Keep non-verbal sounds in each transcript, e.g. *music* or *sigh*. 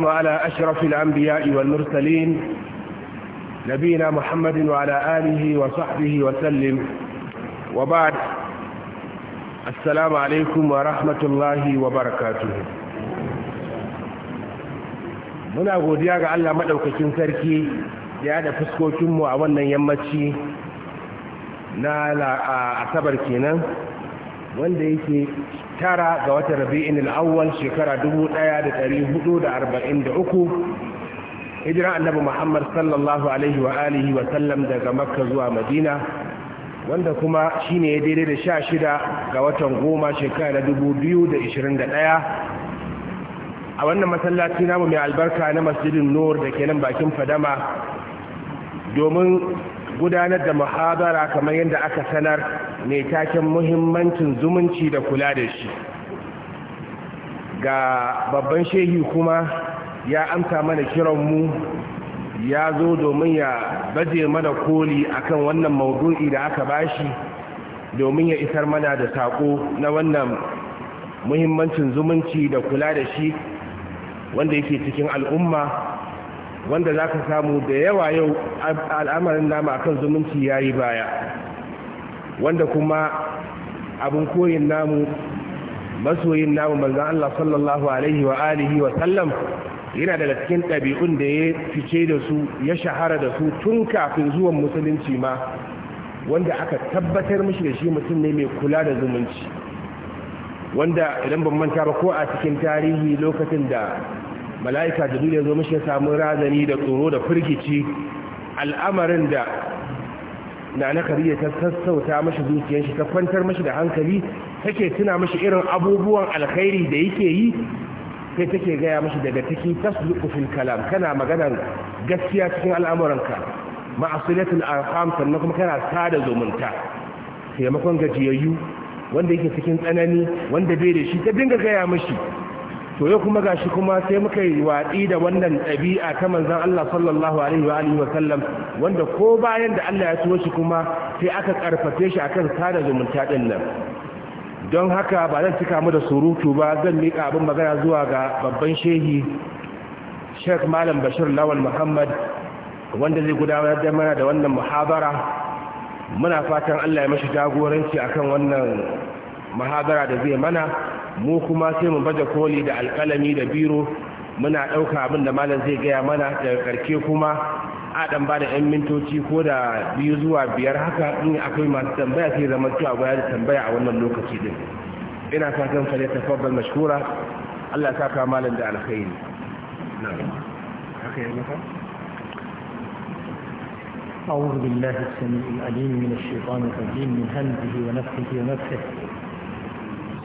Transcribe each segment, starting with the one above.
وعلى أشرف الأنبياء والمرسلين نبينا محمد وعلى آله وصحبه وسلم وبعد السلام عليكم ورحمة الله وبركاته muna godiya ga Allah maɗaukacin sarki ya da fuskokinmu a wannan yammaci na asabar kenan wanda yake tara ga watan rabi'in al'awwal shekara 1443 hijira annabi muhammad sallallahu alaihi wa alihi wa sallam daga makka zuwa madina wanda kuma shine ya daidai da sha shida ga watan goma shekara 2021 a wannan masallaci namu mai albarka na masjidin nur da ke nan bakin fadama domin gudanar da muhabara kamar yadda aka sanar mai taken muhimmancin zumunci da kula da shi ga babban shehi kuma ya amsa mana kiran mu ya zo domin ya baje mana koli akan wannan maudu'i da aka bashi domin ya isar mana da saƙo na wannan muhimmancin zumunci da kula da shi wanda yake cikin al'umma wanda za ka samu da yawa yau al'amarin nama akan zumunci ya yi baya wanda kuma abin koyin namu masoyin namu manzan Allah sallallahu alaihi wa alihi wa sallam yana daga cikin ɗabi'un da ya fice da su ya shahara da su tun kafin zuwan musulunci ma wanda aka tabbatar mashi da shi mutum ne mai kula da zumunci wanda idan ban manta ba ko a cikin tarihi lokacin da mala'ika da ya zo mishi ya samu razani da tsoro da firgici al'amarin da na na kariya ta sassauta mashi zuciyar shi ta kwantar mashi da hankali take tuna mashi irin abubuwan alkhairi da yake yi sai take gaya mashi daga cikin tasduqu fil kalam kana maganar gaskiya cikin al'amuranka ma'asilatul arham sannan kuma kana sada zumunta taimakon gajiyayyu wanda yake cikin tsanani wanda bai da shi ta dinga gaya mashi to yau kuma gashi kuma sai muka yi watsi da wannan ɗabi'a ta manzon Allah sallallahu alaihi wa alihi wa wanda ko bayan da Allah ya tuwo shi kuma sai aka karfafe shi akan sada zumunta din nan don haka ba zan cika mu da surutu ba zan mika abin magana zuwa ga babban shehi Sheikh Malam Bashir Lawal Muhammad wanda zai gudanar da mana da wannan muhabara muna fatan Allah ya mashi jagoranci akan wannan muhabara da zai mana mu kuma sai mu baje koli da alkalami da biro muna ɗauka abin da malam zai gaya mana daga karke kuma a ɗan ba da 'yan mintoci ko da biyu zuwa biyar haka in akwai masu tambaya sai zama cewa baya da tambaya a wannan lokaci din ina fatan fare tafabbal mashkura Allah ya saka malam da alkhairi أعوذ بالله السميع العليم من الشيطان الرجيم من همزه ونفسه ونفسه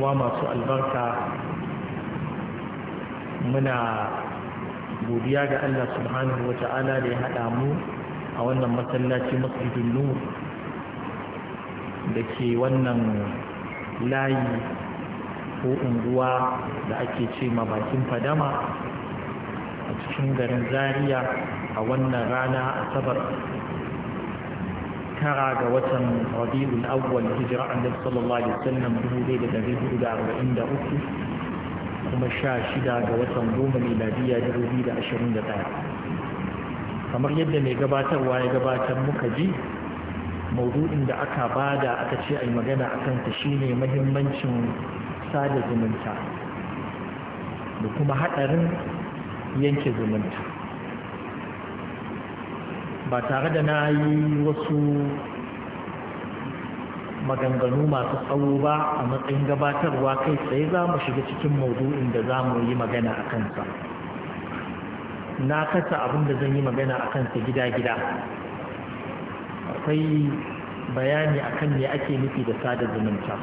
uwa masu albarka muna godiya ga Allah subhanahu wa ta'ala da ya haɗa mu a wannan masallaci masjidin nur da ke wannan layi ko unguwa da ake ce ma bakin fadama a cikin garin Zariya a wannan rana asabar tara ga watan rabi'ul awwal hijira annabi sallallahu alaihi wasallam 1443 kuma 16 ga watan goma miladiya ɗaya, kamar yadda mai gabatarwa ya gabatar muka ji maudu'in da aka bada aka ce ai magana kanta shi shine mahimmancin sada zumunta da kuma haɗarin yanke zumunta ba tare da na yi wasu maganganu masu tsawo ba a matsayin gabatarwa kai tsaye za mu shiga cikin maudu'in da za mu yi magana a kansa na kasa abin da zan yi magana a kansa gida-gida akwai bayani a kan ne ake nufi da sada zumunta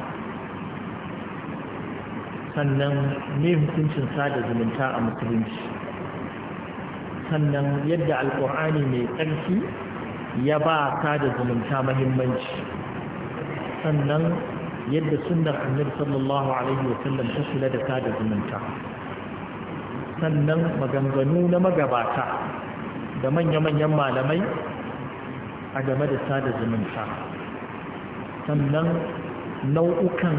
sannan ne hukuncin sada zumunta a musulunci sannan yadda alƙur'ani mai tsarki ya ba ta da zumunta mahimmanci sannan yadda sunnar annabi sallallahu alaihi wa sallam ta kula da ta da zumunta sannan maganganu na magabata da manya-manyan malamai a game da sada zumunta sannan nau'ukan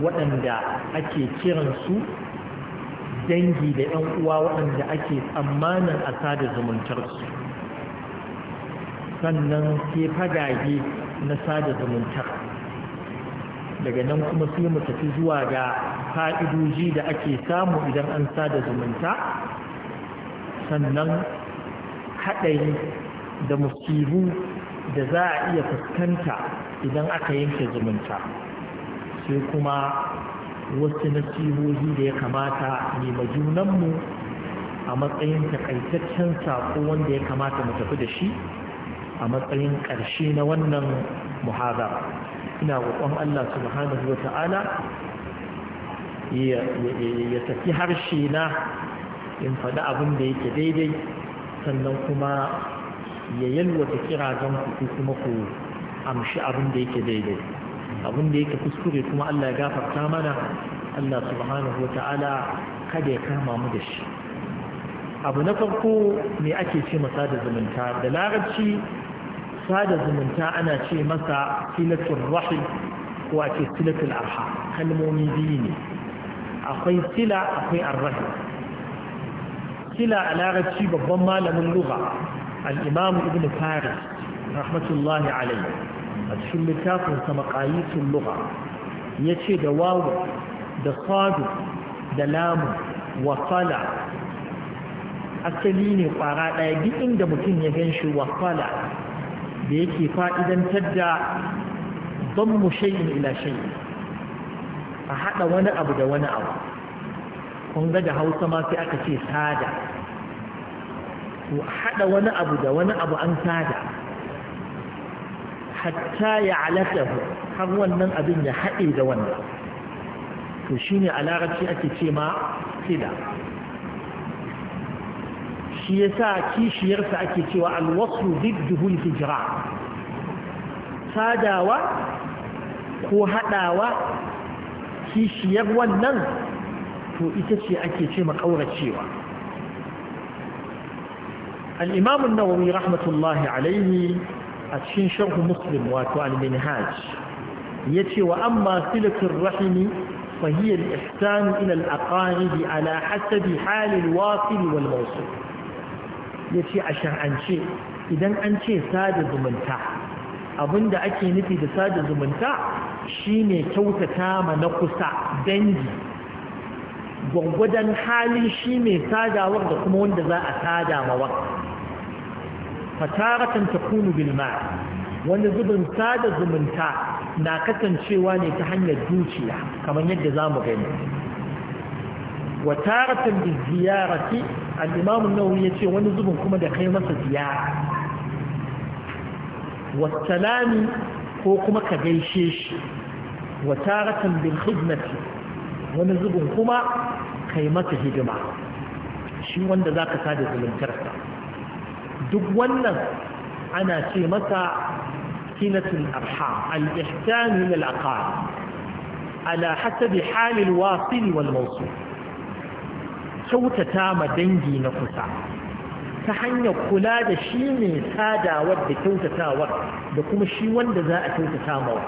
waɗanda ake kiransu dangi da 'yan uwa waɗanda ake tsammanin a sada zumuntarsu sannan ke fagage na sada zumuntar daga nan kuma sai mu tafi zuwa ga fa'idoji da ake samu idan an sada zumunta sannan haɗari da musibu da za a iya fuskanta idan aka yanke zumunta sai kuma wasu nasihohi da ya kamata ne majunanmu a matsayin takaitaccen saƙo wanda ya kamata mu tafi da shi a matsayin ƙarshe na wannan muhazara ina roƙon Allah subhanahu wa ta'ala ya tafi harshe na in faɗi abin da yake daidai sannan kuma ya yalwata kira don kuma ku amshi abin da yake daidai abin da yake kuskure kuma Allah ya gafarta mana Allah subhanahu wa ta'ala kada ya kama mu da shi abu na farko me ake ce masa da zumunta da larabci sada zumunta ana ce masa silatul rahim ko ake silatul arha kalmomi biyu ne akwai sila akwai arrahim sila a larabci babban malamin lugha al-imam ibn faris rahmatullahi alayhi a cikin littafinsa, sa maqayitul ya yace da wawu da sadu da lamu wa asali ne kwara ɗaya, duk inda mutum ya ganshi wa qala da yake fa'idantar da dammu shay'in ila shay'in a haɗa wani abu da wani abu kun ga da Hausa ma sai aka ce sada to haɗa wani abu da wani abu an sada hatta ya alatahu har wannan abin ya haɗe da wannan to shi ne a ake ce ma sida shi ya sa kishiyarsa ake cewa alwasu zidduhul hijira sadawa ko haɗawa kishiyar wannan to ita ce ake ce al imamun nawawi rahmatullahi alaihi a cikin sharhu muslim wato al-minhaj yace wa amma silatul rahimi fa hiya al-ihsan ila al-aqarib ala hasabi hal al-wasil wal mawsul yace a shar'ance idan an ce sada zumunta abinda ake nufi da sada zumunta shine kyautata ma na kusa dangi gwangwadon hali shi mai sadawar da kuma wanda za a sada ma fataratan takunu bil ma wani zubin sada zumunta na kasancewa ne ta hanyar zuciya kamar yadda zamu gani wa taratan bil ziyarati al-imam an ya yace wani zubin kuma da kai masa ziyara wa salami ko kuma ka gaishe shi wa taratan bil khidmati wani zubin kuma kai masa hidima shi wanda zaka sada zumuntarsa duk wannan ana ce masa sinatul arham al-ihsan min al-aqal ala hasabi halil wasil wal mawsul kyautata ma dangi na kusa ta hanyar kula da shi ne sadawar da kyautatawar da kuma shi wanda za a kyautata mawa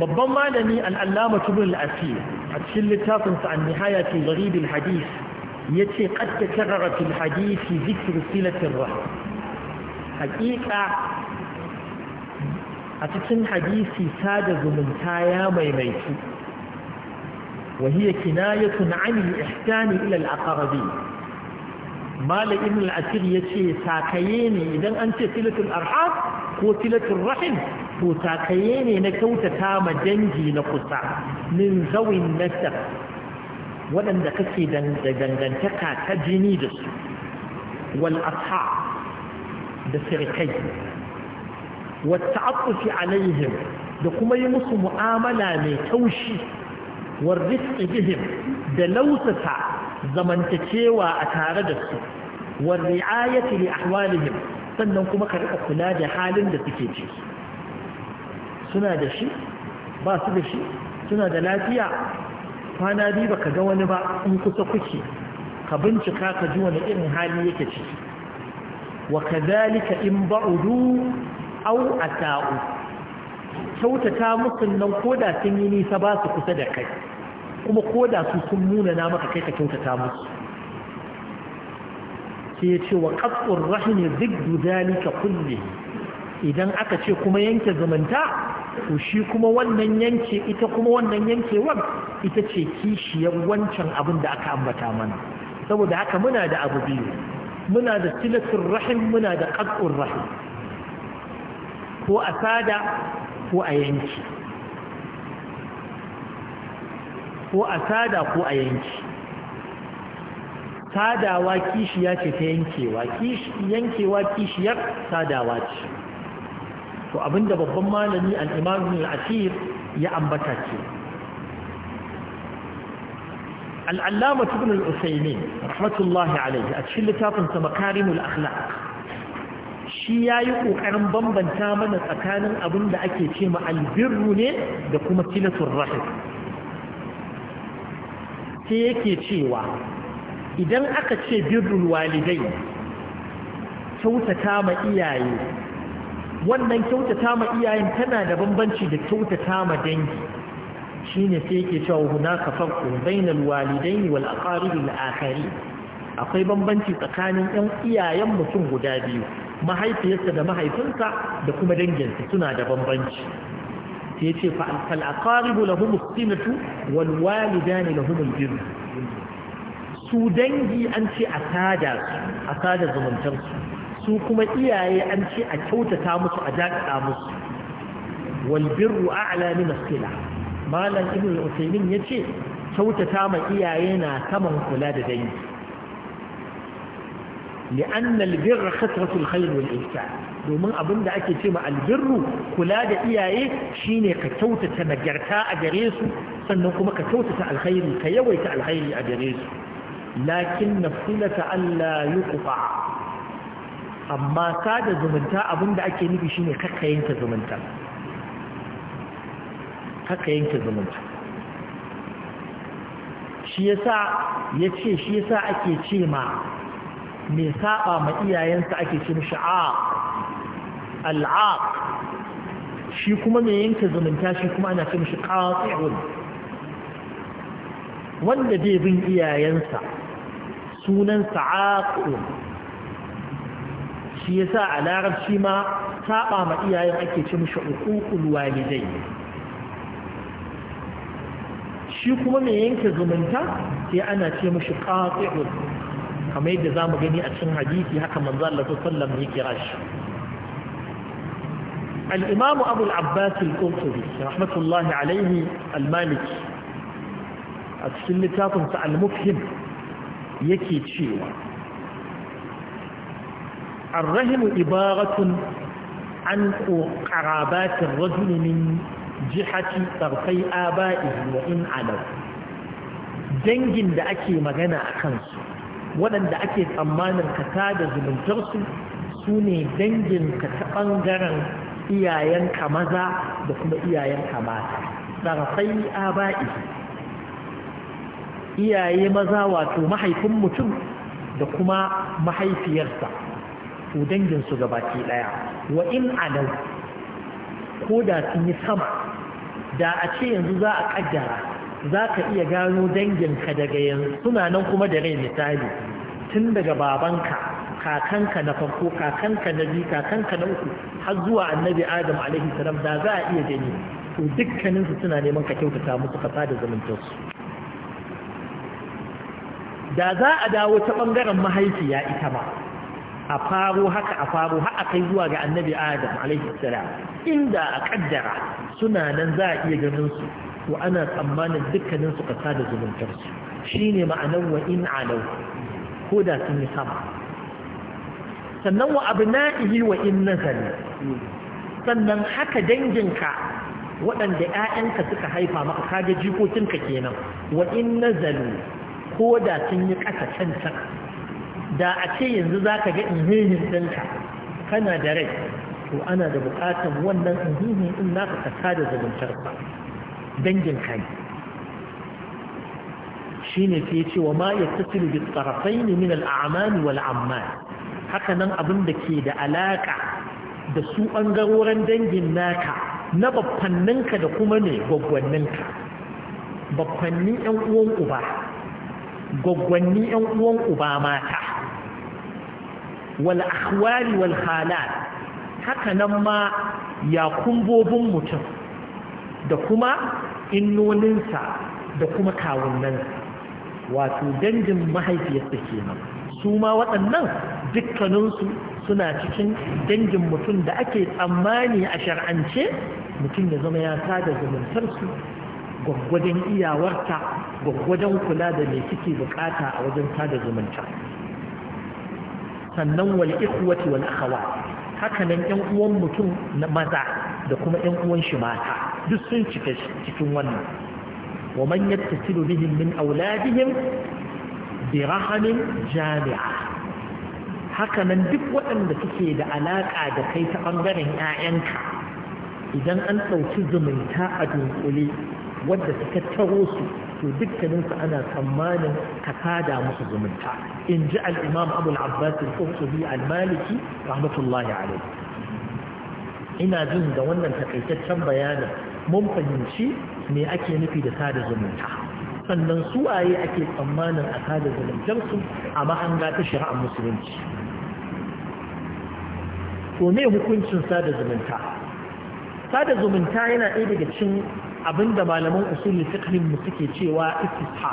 babban malami al'allama tubul asir a cikin littafinsa an nihaya fi gharibin hadis يتي قد تكرر في الحديث ذكر صلة الرحم حقيقة أتكلم حديث سادة من تايا ميميت وهي كناية عن الإحسان إلى الأقربين ما لإن الأسير يتي ساكييني إذا أنت صلة الأرحام هو صلة الرحم هو ساكييني نكوت تام جنجي نقصا من ذوي النسب waɗanda kake dangantaka ta jini da su wal asha da sirkai wata aƙufi alaihim da kuma yi musu mu'amala mai taushi war rizqi bihim da lausata zamantakewa a tare da su war ri'ayati li ahwalihim sannan kuma ka riƙa kula da halin da suke ciki suna da shi ba su da shi suna da lafiya kwana biyu baka ga wani ba in kusa kuke ka bincika ka ji wani irin hali yake ciki wa kadhalika in ba'udu aw ata'u kyautata musun nan koda sun yi nisa ba su kusa da kai kuma koda su sun nuna na maka kai ka kyautata musu sai ya ce wa qat'ur rahmi ziddu dhalika kulli idan aka ce kuma yanke zumunta to shi kuma wannan yanke ita kuma wannan yankewar ita ce kishiyar wancan abin da aka ambata mana saboda haka muna da abu biyu muna da silatun rahim muna da ƙaƙƙun rahim ko a sada ko a yanki ko a sada ko a yanki sadawa kishiya ce ta yankewa yankewa kishiyar sadawa ce to abinda babban malami al'imam ibn asir ya ambata ce al'allama ibn al rahmatullahi alaihi a cikin littafinsa sa makarimul shi shi yayi ƙoƙarin bambanta mana tsakanin abinda ake ce ma albirru ne da kuma tilatul rahim sai yake cewa idan aka ce birrul walidai kyautata ma iyaye wannan kyautata ma iyayen tana da bambanci da kyautata ma dangi shine sai yake cewa hunaka farqu bainal walidaini wal aqarib al akwai bambanci tsakanin ‘yan iyayen mutum guda biyu mahaifiyarsa da mahaifinsa da kuma danginsa suna da bambanci sai ce fal'akaribu lahumus sinatu walwalida ne lahumus biru su dangi an ce a sada zumuntarsu su kuma iyaye an ce a kyautata musu a daɗaɗa musu walbirru a'la min asila malam ibn al-usaymin yace kyautata ma iyaye na saman kula da dangi لأن البر خطرة الخير والإحسان domin abin da ake ce ma albirru kula da iyaye shine ka kyautata nagarta a gare su sannan kuma ka kyautata alkhairi ka yawaita alkhairi a gare su lakin na filata Allah yi kufa amma sada zumunta abinda ake nufi shine kakkayenka zumunta kakkayenka zumunta shi yasa yace shi yasa ake ce ma me saba ma iyayensa ake ce mishi a al'aq shi kuma me yanke zumunta shi kuma ana ce mishi qati'un wanda bai bin iyayensa sunan sa'aqun shi yasa a larabci ma saba ma iyayen ake ce mishi uququl walidai shi kuma mai yanke zumunta sai ana ce mishi qati'ul kamar yadda zamu gani a cikin hadisi haka manzo Allah sallallahu kira shi al-imam Abu al-Abbas rahmatullahi alaihi al-Maliki a cikin littafinsa al-Mufhim yake cewa الرهن عبارة عن قرابات الرجل من جهة طرفي آبائه وإن علوا dangin da ake magana a kansu waɗanda ake tsammanin ka tada zumuntarsu su ne danginka ta ɓangaren iyayenka maza da kuma iyayenka mata ɗarfai aba'i iyaye maza wato mahaifin mutum da kuma mahaifiyarsa Ku dangin su gabaki daya wa in alau ko da sun yi sama da a ce yanzu za a kaddara za ka iya gano danginka daga yanzu suna nan kuma da rai misali tun daga babanka kakanka na farko kakanka na biyu kakanka na uku har zuwa annabi adam alaihi salam da za a iya gani to dukkaninsu suna neman ka kyautata musu ka da zumuntarsu da za a dawo ta bangaren mahaifiya ita ma a faru haka a faru har a kai zuwa ga annabi adam alaihi inda a kaddara suna nan za a iya ganin su to ana tsammanin dukkanin su kasa da zumuntar su shine ma'anar wa in alau ko da sun yi sama sannan wa abu abna'ihi wa in nazari sannan haka danginka waɗanda ‘ya'yanka suka haifa maka kaga jikokinka kenan wa in nazari ko da sun yi ƙasa can can da a ce yanzu za ka ga inhihin ɗinka kana da rai to ana da buƙatar wannan inhihin ɗin naka ka kada zumuntar ba dangin kai shi ne ke ce wa ma ya tattali da tsarafai ne min al'amani wal haka nan abin da ke da alaƙa da su ɓangarorin dangin naka na babbanninka da kuma ne gwaggwanninka babbannin 'yan uwan uba gwaggwanni 'yan uwan uba mata wal ahwali wal halal haka nan ma ya kumbobin mutum da kuma innoninsa da kuma kawunansa wato dangin mahaifiyarsa kenan su ma waɗannan dukkaninsu suna cikin dangin mutum da ake tsammani a shar'ance mutum ya zama ya sada zumuntarsu gwaggwadon iyawarta gwaggwadon kula da mai suke bukata a wajen sada zumunta sannan wal Ikwati wal akhawat haka nan uwan mutum na maza da kuma ƴan uwan shi mata duk sun cika cikin wannan wa man yattasilu bihim min auladihim bi rahamin jami'a haka nan duk waɗanda suke da alaƙa da kai ta ɓangaren ƴaƴanka idan an ɗauki zumunta a dunkule wadda suka taro su to dukkaninsu ana tsammanin ka sada musu zumunta in ji al'imam abu al'abbas al-qurtubi al-maliki rahmatullahi alayhi ina jin da wannan takaitaccen bayanin mun fahimci me ake nufi da sada zumunta sannan su waye ake tsammanin a sada su a mahanga ta shari'ar musulunci to me hukuncin sada zumunta sada zumunta yana ɗaya daga cikin abinda malaman usulul fiqhin mu suke cewa istisha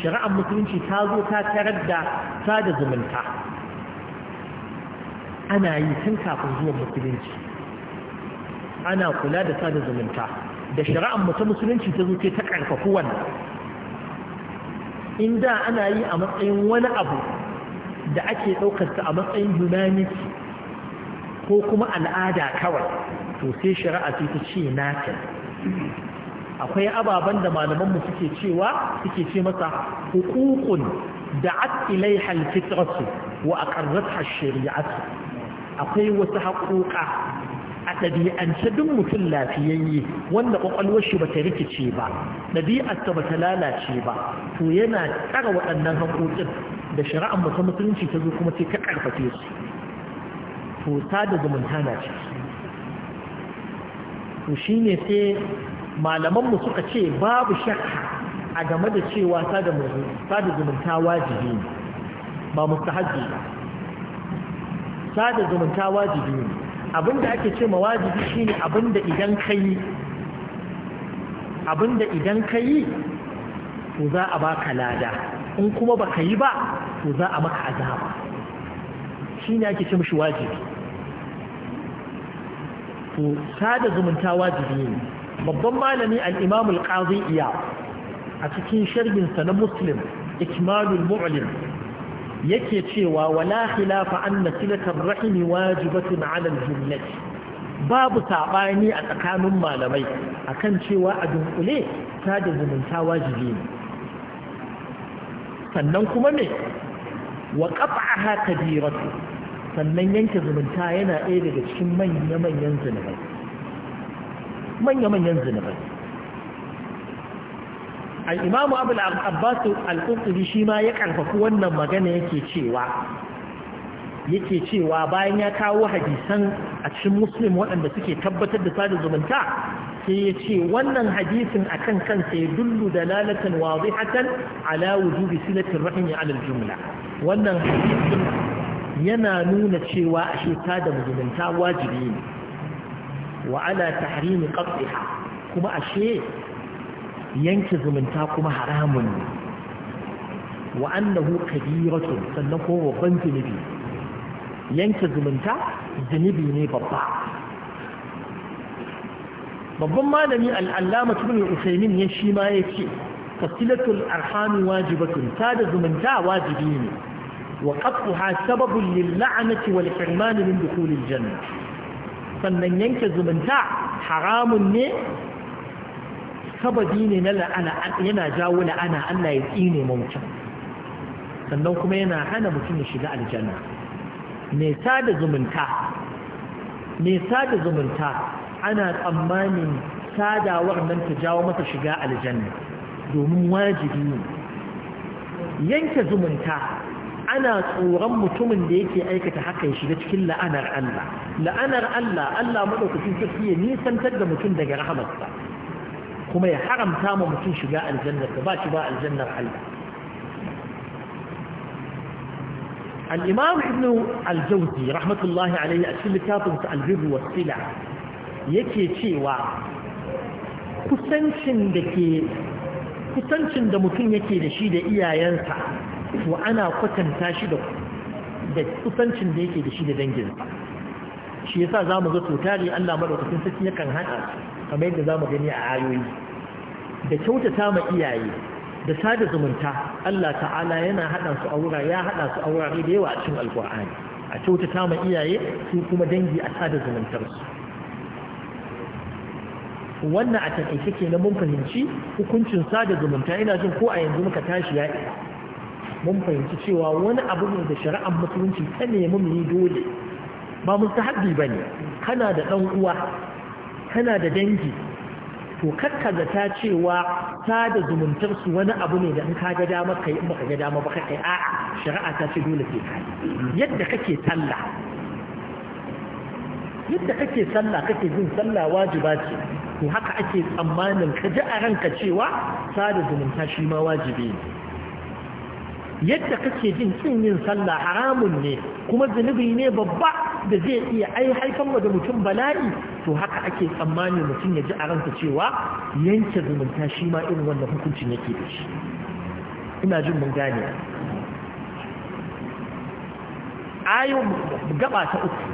shari'ar musulunci ta zo ta tarar da sada zumunta ana yi tun kafin zuwan musulunci ana kula da sada zumunta da shari'ar mu musulunci ta zo ta karfafu wannan inda ana yi a matsayin wani abu da ake ɗaukarsa a matsayin humanity ko kuma al'ada kawai to sai shari'a ce ta ce naka akwai ababen da malamanmu suke cewa suke ce masa hukukun da ilai halfitarsu wa a ƙarrata shari'atu akwai wasu haƙoƙa a ɗabi'ance duk mutum lafiyayye wanda ƙwaƙwalwar shi ba ta rikice ba ɗabi'arsa ba ta lalace ba to yana tsara waɗannan haƙoƙin da shari'ar mutum musulunci ta zo kuma sai ta ƙarfafe su to da zumunta na ciki to shi ne sai malamanmu suka ce babu shakka a game da cewa sada zumunta wajibi ne ba mustahaji ba sada zumunta wajibi ne abinda ake ce ma wajibi shine abinda idan kai abinda idan kai to za a baka lada in kuma baka yi ba to za a maka azaba shine ake ce mishi wajibi to sada zumunta wajibi ne babban malami al-imam al iya a cikin sharhin sa na muslim ikmalul mu'lim yake cewa wala khilafa anna silatar rahimi wajibatun ala al babu sabani a tsakanin malamai akan cewa a dunkule sada zumunta wajibi ne sannan kuma ne wa qat'aha kabiratu sannan yanke zumunta yana ɗaya daga cikin manya-manyan zunubai manya-manyan zunubai al'imamu abu al'abbasu al'ukuri shi ma ya ƙarfafi wannan magana yake cewa yake cewa bayan ya kawo hadisan a cikin muslim waɗanda suke tabbatar da sada zumunta sai ya ce wannan hadisin a kan kansa ya dullu da lalatan wazihatan ala wujubi silatin rahimi alal jumla wannan hadisin yana nuna cewa a sheka da muzumunta wajibi ne wa ala tahrimi qat'iha kuma ashe yanke zumunta kuma haramun ne wa annahu kabiratun sannan kuma babban zunubi yanke zumunta zunubi ne babba babban malami al'allama tuni usaimin ya shi ma ya ce fasilatul arhami wajibatun ta da zumunta wajibi ne وقطعها سبب للعنة والحرمان من دخول الجنة sannan yanke zumunta haramun ne sababi ne na la'ana yana jawo la'ana Allah ya tsine mauta sannan kuma yana hana mutum ya shiga aljanna nesa da zumunta nesa da zumunta ana tsammanin sadawar nan ta jawo mata shiga aljanna domin wajibi ne yanke zumunta ana tsoron mutumin da yake aikata hakan shiga cikin la'anar Allah la'anar Allah Allah madaukakin sarki ya nisantar da mutum daga rahamarsa kuma ya haramta ma mutum shiga aljanna ba shi ba aljannar Allah al-imam ibn al-jawzi rahmatullahi alayhi a cikin littafin sa al-birr wa sila yake cewa kusancin da ke kusancin da mutum yake da shi da iyayensa to ana kwatanta shi da da kusancin da yake da shi da dangin shi yasa zamu ga tare Allah madaukakin sarki yakan hada kamar yadda zamu gani a ayoyi da kyautata ma iyaye da sada zumunta Allah ta'ala yana hada su aura ya hada su wurare da yawa a cikin alkur'ani a kyautata ma iyaye su kuma dangi a sada zumuntar wannan a taƙaice kenan mun fahimci hukuncin sada zumunta ina jin ko a yanzu muka tashi ya mun fahimci cewa wani abu ne da shari'ar musulunci ta nemi mu yi dole ba ba ne. kana da ɗan uwa kana da dangi to kakka ta cewa ta da zumuntar su wani abu ne da in ka ga dama kai in baka ga dama baka kai a'a shari'a ta ce dole ke kai yadda kake sallah yadda kake sallah kake jin sallah wajiba ce to haka ake tsammanin ka ji a ranka cewa sada zumunta shi ma wajibi ne yadda kake jin kin yin sallah haramun ne kuma zunubi ne babba da zai iya ai wa da mutum bala'i to haka ake tsammani mutum ya ji a ransa cewa yanke zumunta shi ma irin wanda hukuncin yake da shi ina jin mun gane ayo gaba ta uku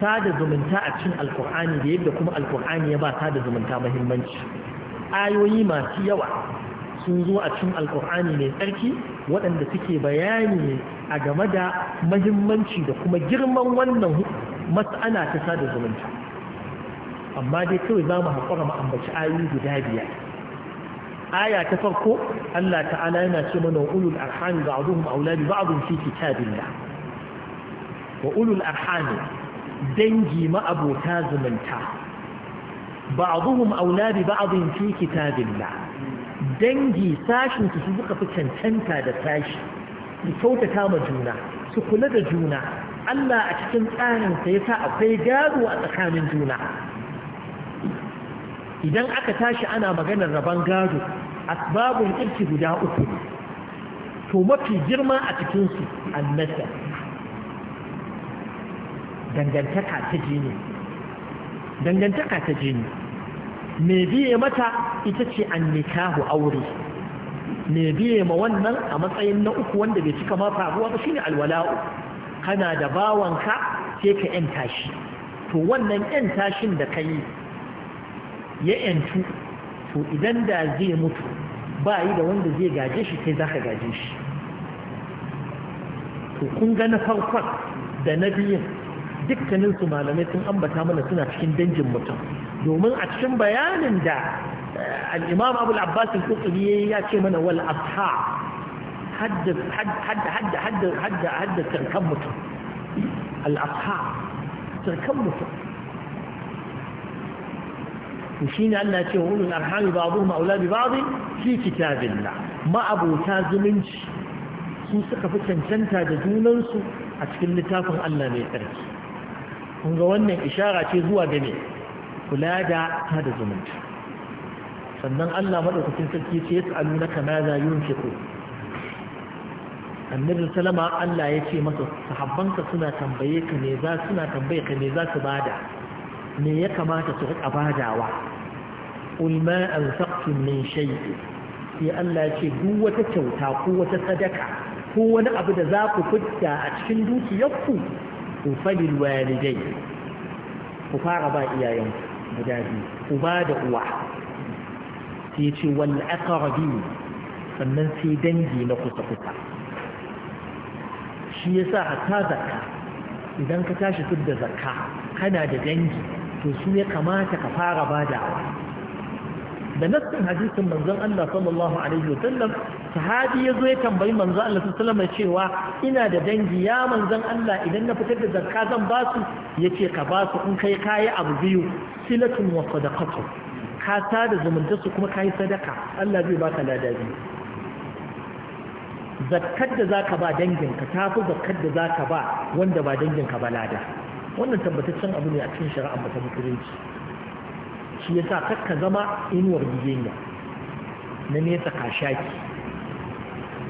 sada zumunta a cikin alkur'ani da yadda kuma alkur'ani ya ba sada zumunta muhimmanci ayoyi masu yawa sun zo a cikin alkur'ani mai tsarki waɗanda suke bayani a game da mahimmanci da kuma girman wannan mas'ala ta sada zumunta amma dai kawai za mu haƙura mu ambaci ayoyi guda biyar aya ta farko Allah ta'ala yana ce mana wa ulul arhami ba'duhum aula bi fi kitabillah wa ulul arhami dangi ma'abota zumunta ba'duhum aula bi ba'dhin fi kitabillah dangi sashin su suka fi cancanta da sashi su kyautata ma juna su kula da juna Allah a cikin tsarinsa ya sa akwai gado a tsakanin juna idan aka tashi ana maganar rabon gado asbabun irki guda uku to mafi girma a cikinsu annasa dangantaka ta jini dangantaka ta jini me biye mata ita ce an nikahu aure me biye ma wannan a matsayin na uku wanda bai cika ma faruwa ba shine alwala'u kana da bawanka sai ka yan tashi to wannan 'yan tashin da kai ya yantu to idan da zai mutu ba yi da wanda zai gaje shi za zaka gaje shi to kun ga na farkon da na biyun dukkaninsu malamai sun ambata mana suna cikin dangin mutum domin a cikin bayanin da eh, al'imam abu al'abbas al-kutubi ya ce mana wal abha hadda tarkan mutum al'abha tarkan mutum shi ne Allah ce wa ulul arhami ba abu ma'ula bi ba fi kitabin la ma'abota zumunci su suka fi cancanta da junansu a cikin littafin Allah mai tsarki kun ga wannan ishara ce zuwa ga ne kula da sada zumunta sannan Allah madaukakin sarki ce yas'alunaka ma za yunfiqu annabi salama Allah ya ce masa sahabbanka suna tambaye ka ne za suna tambaye ka ne za su bada me ya kamata su rika badawa qul ma anfaqtum min shay'in sai Allah ya ce duk wata kyauta ko wata sadaka ko wani abu da za ku fitta a cikin dukiyarku ku falil walidai ku fara ba iyayenku guda biyu uba da uwa sai ce wal aqrabi sannan sai dangi na kusa kusa shi yasa ka zakka idan ka tashi da zakka kana da dangi to su ya kamata ka fara badawa da nassin hadisin manzon Allah sallallahu alaihi wasallam sahabi yazo ya tambayi manzon Allah sallallahu alaihi cewa ina da dangi ya manzon Allah idan na fitar da zakka zan ba su yace ka ba su in kai kayi abu biyu silatun wa sadaqatu ka da zumunta su kuma kayi sadaka Allah zai baka lada biyu zakkar da zaka ba dangin ka tafi zakkar da zaka ba wanda ba dangin ka ba lada wannan tabbataccen abu ne a cikin shari'a ba ta musulunci shi yasa kakka zama inuwar gijenya na nesa kashaki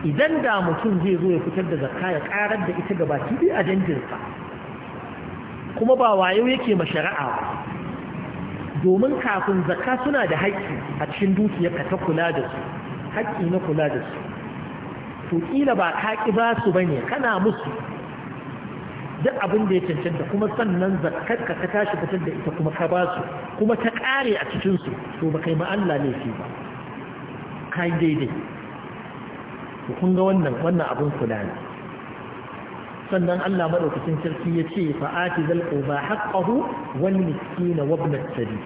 idan da mutum zai zo ya fitar da zakka ya karar da ita gaba bi a danjinsa kuma ba wayo yake ma ba domin kafin zakka suna da haƙƙi a cikin dukiyarka ta kula da su haƙƙi na kula da su to kila ba ka ƙi ba su bane kana musu duk abin da ya cancanta kuma sannan zakkar ka ka tashi fitar da ita kuma ka ba su kuma ta kare a cikin su to ba kai ma Allah ne ke ba kai daidai to kun ga wannan wannan abin kula ne sannan Allah madaukakin sarki ya ce fa'ati zal quba haqqahu wal miskin wa ibn as-sabil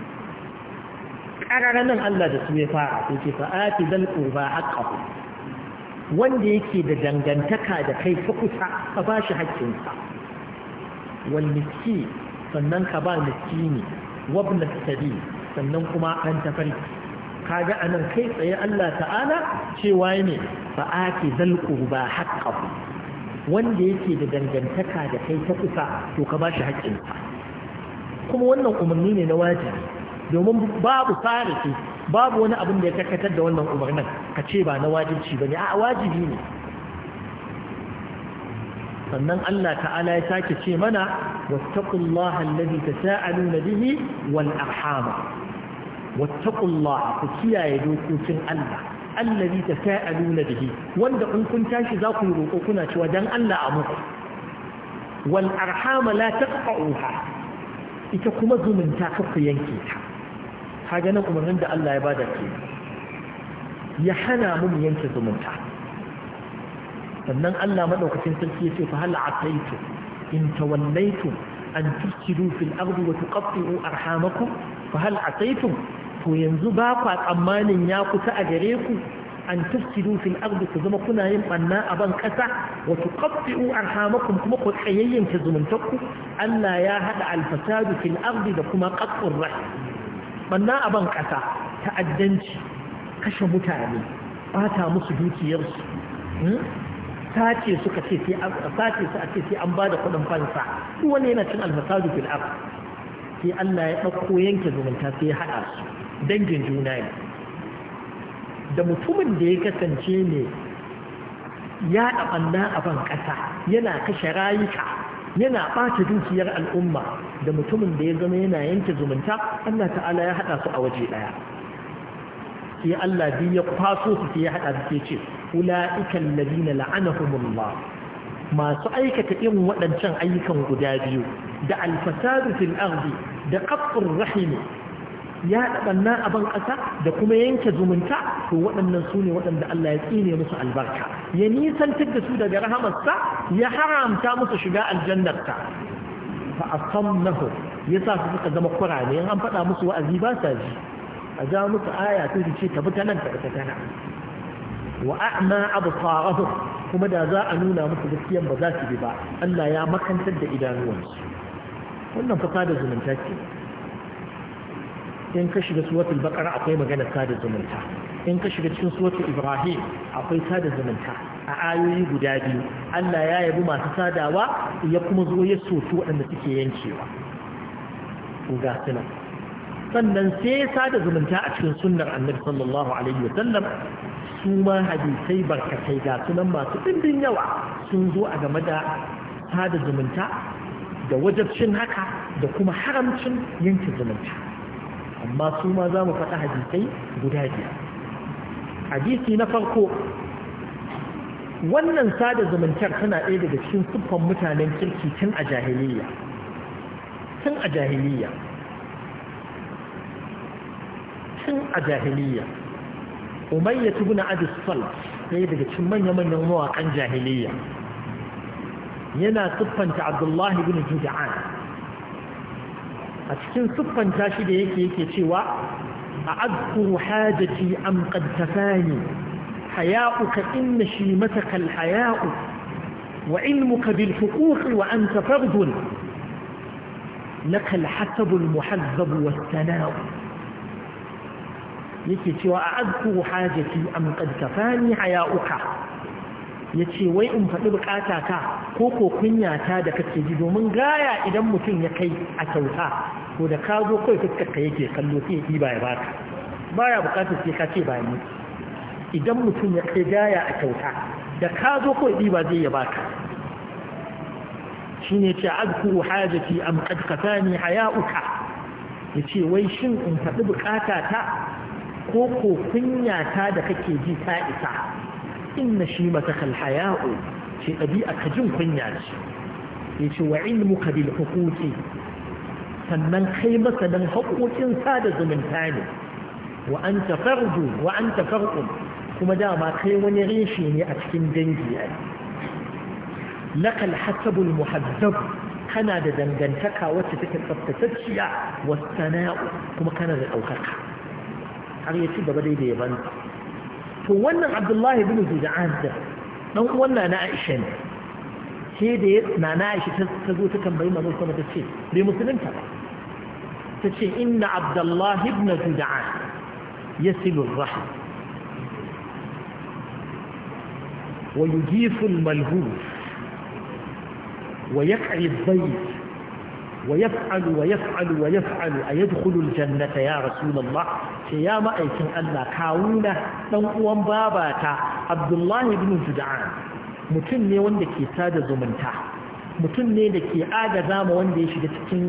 nan Allah da su ya fara sai ce fa'ati zal quba haqqahu wanda yake da dangantaka da kai ta kusa ka bashi haƙƙinsa ski sannan ka ba miskini wabna sabi sannan kuma an tafari kaga anan kai tsaye Allah ta'ala cewa ne fa ake zalku ba haqqahu wanda yake da dangantaka da kai ta kusa to ka bashi haƙƙinsa kuma wannan umarni ne na wajibi domin babu tsarifi babu wani abin da ya karkatar da wannan umarnin ka ce ba na wajibci ne, a wajibi ne sannan Allah ta'ala ya sake ce mana wattaqullaha allazi tasaaluna bihi wal arham wattaqullaha ku kiyaye dokokin Allah allazi tasaaluna bihi wanda in kun tashi za ku roko kuna cewa dan Allah a muku wal arham la taqta'uha ita kuma zumunta ka ku yanke ta kaga nan umarnin da Allah ya bada ke ya hana mu yanke zumunta sannan Allah madaukakin sarki yace fa hal ataitu in tawallaitu an tufsidu fil ardi wa tuqatti'u arhamakum fa hal ataitum to yanzu ba kwa tsammanin ya kusa a gare ku an tufsidu fil ardi ku zama kuna yin banna a ban kasa wa tuqatti'u arhamakum kuma ku tsayayyanke zumuntakku Allah ya hada al fasadu fil ardi da kuma qat'ur rahim banna a ban kasa ta'addanci kashe mutane bata musu dukiyarsu hmm? sace suka ce sai an sace su a sai an bada kuɗin fansa shi wani yana cin alfasadu fil ard sai Allah ya ɗauko yanke zumunta sai ya haɗa su dangin juna ne da mutumin da ya kasance ne ya ɗaɓanna a ban yana kashe rayuka yana ɓata dukiyar al'umma da mutumin da ya zama yana yanke zumunta Allah ta'ala ya haɗa su a waje ɗaya sai Allah bi ya kwaso su sai ya haɗa su sai ce ula'ikan ladina la'anahumullah masu aikata irin waɗancan ayyukan guda biyu da alfasadu fil ardi da qaffur rahimi ya dabanna a ban ƙasa da kuma yanke zumunta ko waɗannan sune waɗanda Allah ya tsine musu albarka ya nisantar da su daga rahamarsa ya haramta musu shiga aljannarta fa asamnahu yasa su suka zama kurame in an faɗa musu wa'azi ba sa ji a ja musu aya sai ta ce tabi ta nan tabi ta nan wa a'ma absarahum kuma da za a nuna musu gaskiyan ba za su bi ba Allah ya makantar da idanuwansu wannan fa sada zumunta ce in ka shiga suratul baqara akwai magana sada zumunta in ka shiga cikin suratul ibrahim akwai sada zumunta a ayoyi guda biyu Allah ya yabi masu sadawa ya kuma zo ya soki waɗanda suke yankewa ga sunan sannan sai ya sada zumunta a cikin sunnar annabi sallallahu alaihi sallam su ma hadisai barkatai ga sunan masu ɗimbin yawa sun zo a game da sada zumunta da wajabcin haka da kuma haramcin yanke zumunta amma su ma za mu faɗa hadisai guda biyar hadisi na farko wannan sada zumuntar tana ɗaya daga cikin siffan mutanen kirki tun a jahiliya tun a jahiliya tun a jahiliya umayya tubuna abis sal ɗaya daga cikin manya-manyan mawaƙan jahiliya yana siffanta abdullahi bin juda'an a cikin siffanta shi da yake yake cewa a azkuru hajati am qad tafani haya'uka inna shi matakal haya'u wa ilmuka bil huquqi wa anta fardun لك الحسب المحذب والثناء yake cewa a azkuru hajati am qad kafani haya'uka yace wai in faɗi bukata ka ko ko kunya ta da kake ji domin gaya idan mutum ya kai a kyauta ko da ka zo kai fuskar ka yake kallo sai ya ɗiba ya baka baya bukatar sai ka ce ba ni idan mutum ya kai gaya a kyauta da ka zo kai ɗiba zai ya baka shine ce azkuru hajati am qad kafani haya'uka yace wai shin in faɗi bukata ta ko ko kunya ta da kake ji ta isa inna shi mata kalhaya'u ce ɗabi'a ka jin kunya ce ya ce wa ilmuka bil hukuki sannan kai masa nan haƙoƙin sada zumunta ne wa an ta fardu wa an ta kuma dama kai wani reshe ne a cikin dangi ai lakal hasabul muhazzab kana da dangantaka wacce take tsaftatacciya sana'u kuma kana da ɗaukaka har ya ci gaba dai da yaban to wannan abdullahi bin zuja'an da dan wannan na aisha ne sai da na na aisha ta zo ta tambayi manzon sama ta ce bai musulunta ba ta ce inna abdullahi ibn zuja'an yasilu rahim ويجيف الملهوف ويقعي الضيف ويفعل ويفعل ويفعل أيدخل الجنة يا رسول الله يا ما أيكن أن كاونا نوم باباتا عبد الله بن جدعان mutum ne wanda ke sada zumunta mutum ne da ke agaza ma wanda ya shiga cikin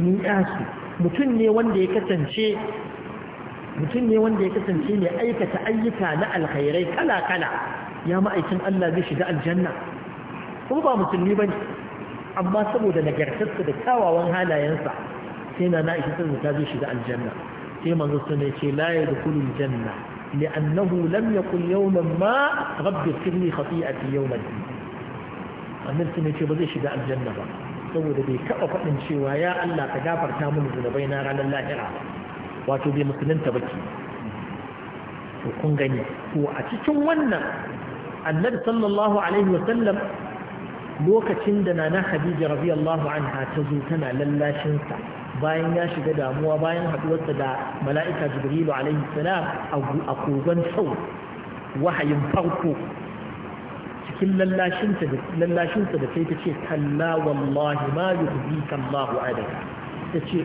ni'asu mutum ne wanda ya kasance mai aikata ayyuka na alkhairai kala-kala ya ma'aikin Allah zai shiga aljanna kuma ba musulmi bane amma saboda nagartarsa da kyawawan halayensa sai na na'isha sai ta zai shiga aljanna sai manzo sun ce la yadkhulu aljanna li'annahu lam yaqul yawman ma rabbi sirri khati'ati yawman annabi sun ce ba zai shiga aljanna ba saboda bai taba fadin cewa ya Allah ka gafarta mun zunubai na ranar lahira wato bai musulunta ba ke to kun gani to a cikin wannan annabi sallallahu alaihi wa sallam lokacin da nana Khadija radiyallahu anha ta zo tana lallashin sa bayan ya shiga damuwa bayan haduwarsa da mala'ika Jibrilu alaihi salam a kogon sau wahayin farko cikin lallashinta da da sai ta ce kalla wallahi ma yuhzika Allahu adaka ta ce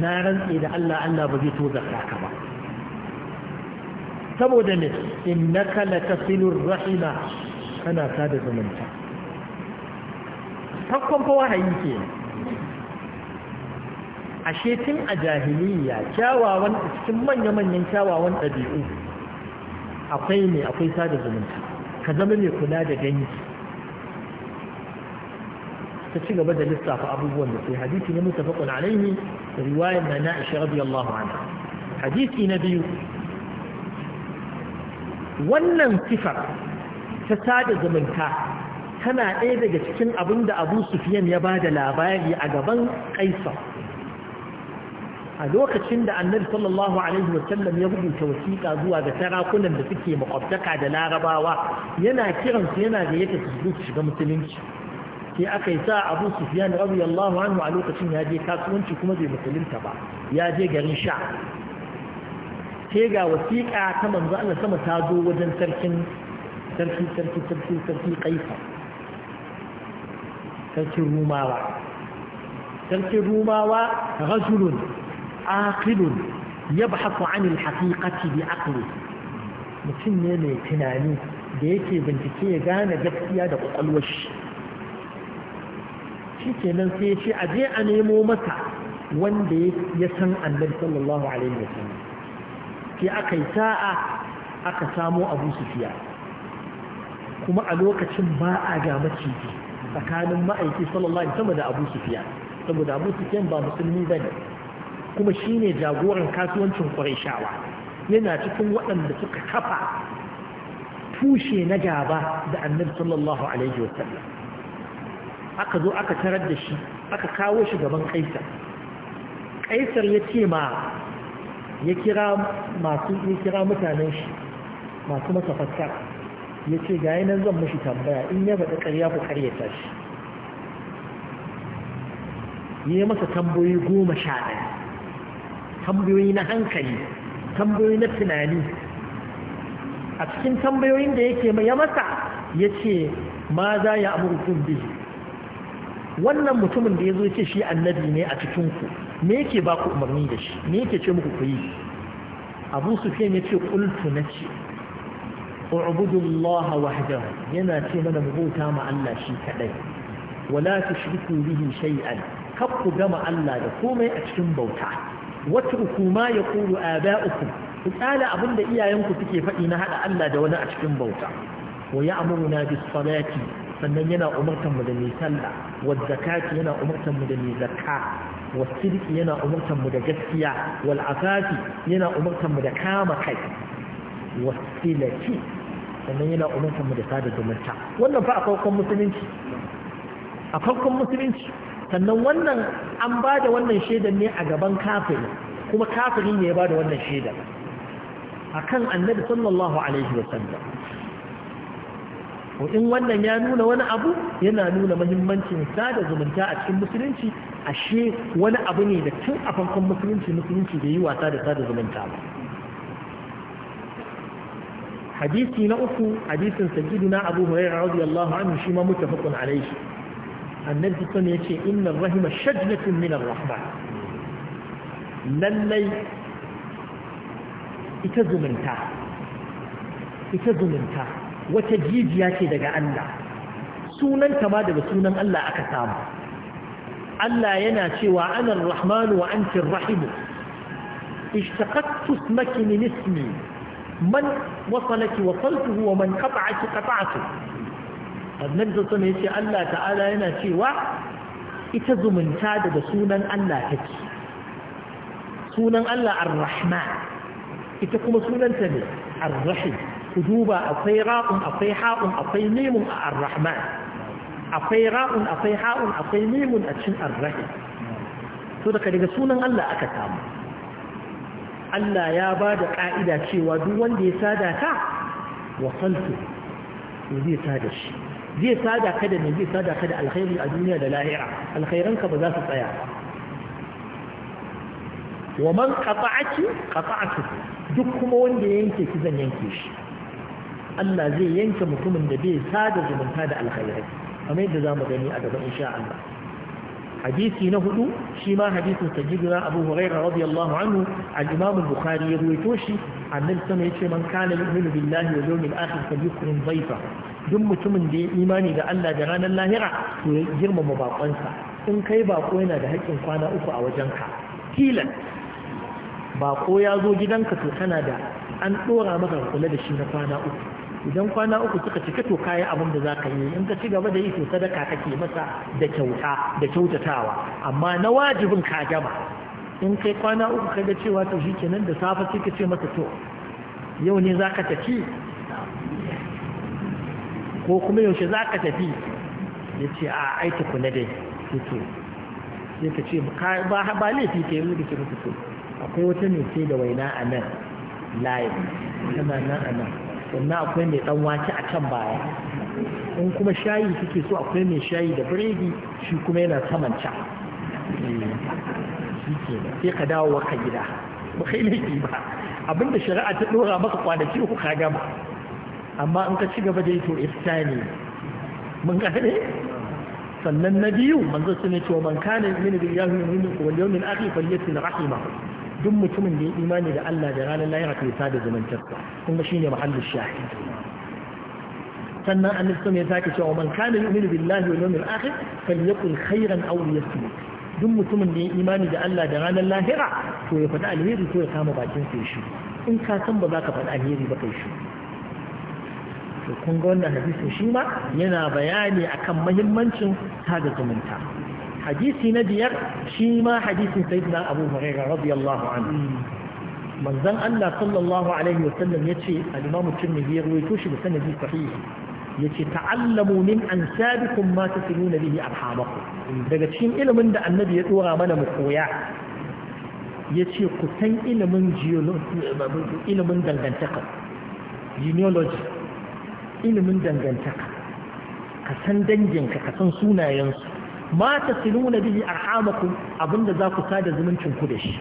na rantse da Allah Allah ba zai toza ka ba saboda ne innaka latasilur rahima kana sada zumunta farkon fa wahayi ke ashe tun a jahiliya kyawawan cikin manya-manyan kyawawan ɗabi'u akwai ne akwai sada zumunta ka zama mai kula da dangi ta ci gaba da lissafa abubuwan da sai hadisi ne mutafaqun alaihi riwayar na na ishe na'isha radiyallahu ana. hadisi na biyu wannan sifar ta sada zumunta tana ɗaya daga cikin abin da abu sufiyan ya ba da labari a gaban ƙaisa a lokacin da annabi sallallahu alaihi wasallam ya rubuta wasiƙa zuwa ga sarakunan da suke makwabtaka da larabawa yana su yana da yake su zo shiga musulunci sai aka yi sa abu sufiyan radiyallahu anhu a lokacin ya je kasuwanci kuma bai musulunta ba ya je garin sha sai ga wasiƙa ta manzo Allah sama ta zo wajen sarkin sarki sarki sarki sarki sarkin rumawa sarkin rumawa rajulun aqilun yabhasu anil haqiqati bi aqli mutum ne mai tunani da yake bincike ya gane gaskiya da kwakwalwar shi ke kenan sai ya ce a je a nemo masa wanda ya san annabi sallallahu alaihi wasallam sai aka yi sa'a aka samo abu sufiya kuma a lokacin ba a ga maciji tsakanin ma'aiki sallallahu alaihi wasallam da Abu Sufyan saboda Abu Sufyan ba musulmi bane kuma shine jagoran kasuwancin Qurayshawa yana cikin waɗanda suka kafa tushe na gaba da Annabi sallallahu alaihi wasallam aka zo aka tarar da shi aka kawo shi gaban Kaisar Kaisar ya ce ma ya kira masu ya kira mutanen shi masu masa fassara ya ce ga nan zan mashi tambaya in ya faɗi ƙarya ku ƙaryata shi ya yi masa tambayoyi goma sha ɗaya tambayoyi na hankali tambayoyi na tunani a cikin tambayoyin da yake ya masa ya ce ma za ya amurkun biyu wannan mutumin da ya zo ce shi annabi ne a cikinku me yake ba ku umarni da shi me yake ce muku ku yi abu su fiye ne ce kultu na ce اعبدوا الله وحده ينا تيمنا مبوتا مع الله شي كدي ولا تشركوا به شيئا كف جمع الله لكم أتشم بوتا واتركوا ما يقول آباؤكم قال أبن دا إيا ينكو تكي فإن هذا الله دونا أتشم بوتا ويأمرنا بالصلاة sannan yana umartar mu da mai sallah wa zakati yana umartar mu da mai zakka wa sidiki yana umartar mu da gaskiya wal afafi yana umartar mu da kama kai wa silati sannan yana umarta mu da sada zumunta wannan fa a farkon musulunci a farkon musulunci sannan wannan an ba da wannan shaidar ne a gaban kafiri kuma kafiri ne ya ba da wannan shaidar a kan annabi sallallahu alaihi wa wasallam in wannan ya nuna wani abu yana nuna mahimmancin sada zumunta a cikin musulunci ashe wani abu ne da tun a farkon musulunci musulunci da yi wasa da sada zumunta ba hadisi na uku hadisin sayyiduna abu hurairah radiyallahu anhu shi ma muttafaqun alayhi annabi sun yace inna rahima shajnatun min ar-rahman lallai ita zumunta ita zumunta wata jijiya ce daga Allah sunanta ma daga sunan Allah aka samu Allah yana cewa ana ar-rahman wa anti ar-rahim ishtaqattu ismaki min man wasalaki wasaltuhu wa man qata'aki qata'tu annabi sallallahu alaihi wasallam yace Allah ta'ala yana cewa ita zumunta daga sunan Allah take sunan Allah ar-rahman ita kuma sunan ta ne ar-rahim ku duba akwai ra'un akwai ha'un akwai mimun a ar-rahman akwai ra'un akwai ha'un akwai mimun a cikin ar-rahim to daga sunan Allah aka samu Allah ya ba da ƙa'ida cewa duk wanda ya sada ta wasantu zai sada shi zai sada ka da ne zai sada ka da alkhairi a duniya da lahira alkhairanka ba za su tsaya wa man qata'aki qata'atu duk kuma wanda yanke ki zan yanke shi Allah zai yanke mutumin da bai sada zumunta da alkhairai kamar yadda mu gani a gaba insha Allah hadisi na hudu shi ma hadisin sajiduna abu huraira radiyallahu anhu al-imam bukhari ya ruwaito shi annabi sama yace man kana yu'minu billahi wal yawmil akhir falyukrim dhayfa duk mutumin da ya yi imani da Allah da ranar lahira to ya girmama bakonsa in kai bako yana da haƙƙin kwana uku a wajenka tilan baƙo ya zo gidanka to kana da an dora maka kula da shi na kwana uku idan kwana uku suka cika to kayi abin da ka yi in ka ci gaba da yi to sadaka kake masa da kyauta da kyautatawa amma na wajibin ka gama in kai kwana uku kaga cewa to shikenan da safe sai ka ce masa to yau ne zaka tafi ko kuma yaushe zaka tafi yace a ai tukuna dai to sai ka ce ba ba laifi kai yi ce masa to akwai wata ne sai da waina a nan layin tana nan a nan sannan akwai mai ɗan wake a can baya in kuma shayi suke so akwai mai shayi da biredi shi kuma yana saman can eh, sai ka dawo waka gida ba kai laifi ba abinda shari'a ta dora maka kwanaki uku ka gama amma in ka ci gaba da to ifta ne mun gane sannan na biyu manzo sun ce wa man kana min bil min wal yawmi al akhir falyasil rahimahu duk mutumin da ya imani da Allah da ranar lahira ta ya sada zumuntarsa kuma shi ne mahallin shahi sannan annabi ya sake cewa man kana yu'minu billahi wal yawmil akhir falyakul khairan aw liyasmut duk mutumin da ya imani da Allah da ranar lahira to ya faɗi alheri ko ya kama bakin sai shi in ka san ba za ka faɗi alheri ba kai shi to kun ga wannan hadisi shi ma yana bayani akan muhimmancin sada zumunta hadisi na biyar shi ma hadisin sayyidina abu hurairah radiyallahu anhu manzon Allah sallallahu alaihi sallam yace al-imam at-tirmidhi ya rawaito shi da sanadi sahih yace ta'allamu min ansabikum ma tasiluna bihi arhamakum daga cikin ilimin da annabi ya dora mana mu koya yace ku san ilimin ilimin dangantaka genealogy ilimin dangantaka ka san danginka ka san sunayensu ma siluna bihi arhamakum abinda za ku sada zumuncin ku da shi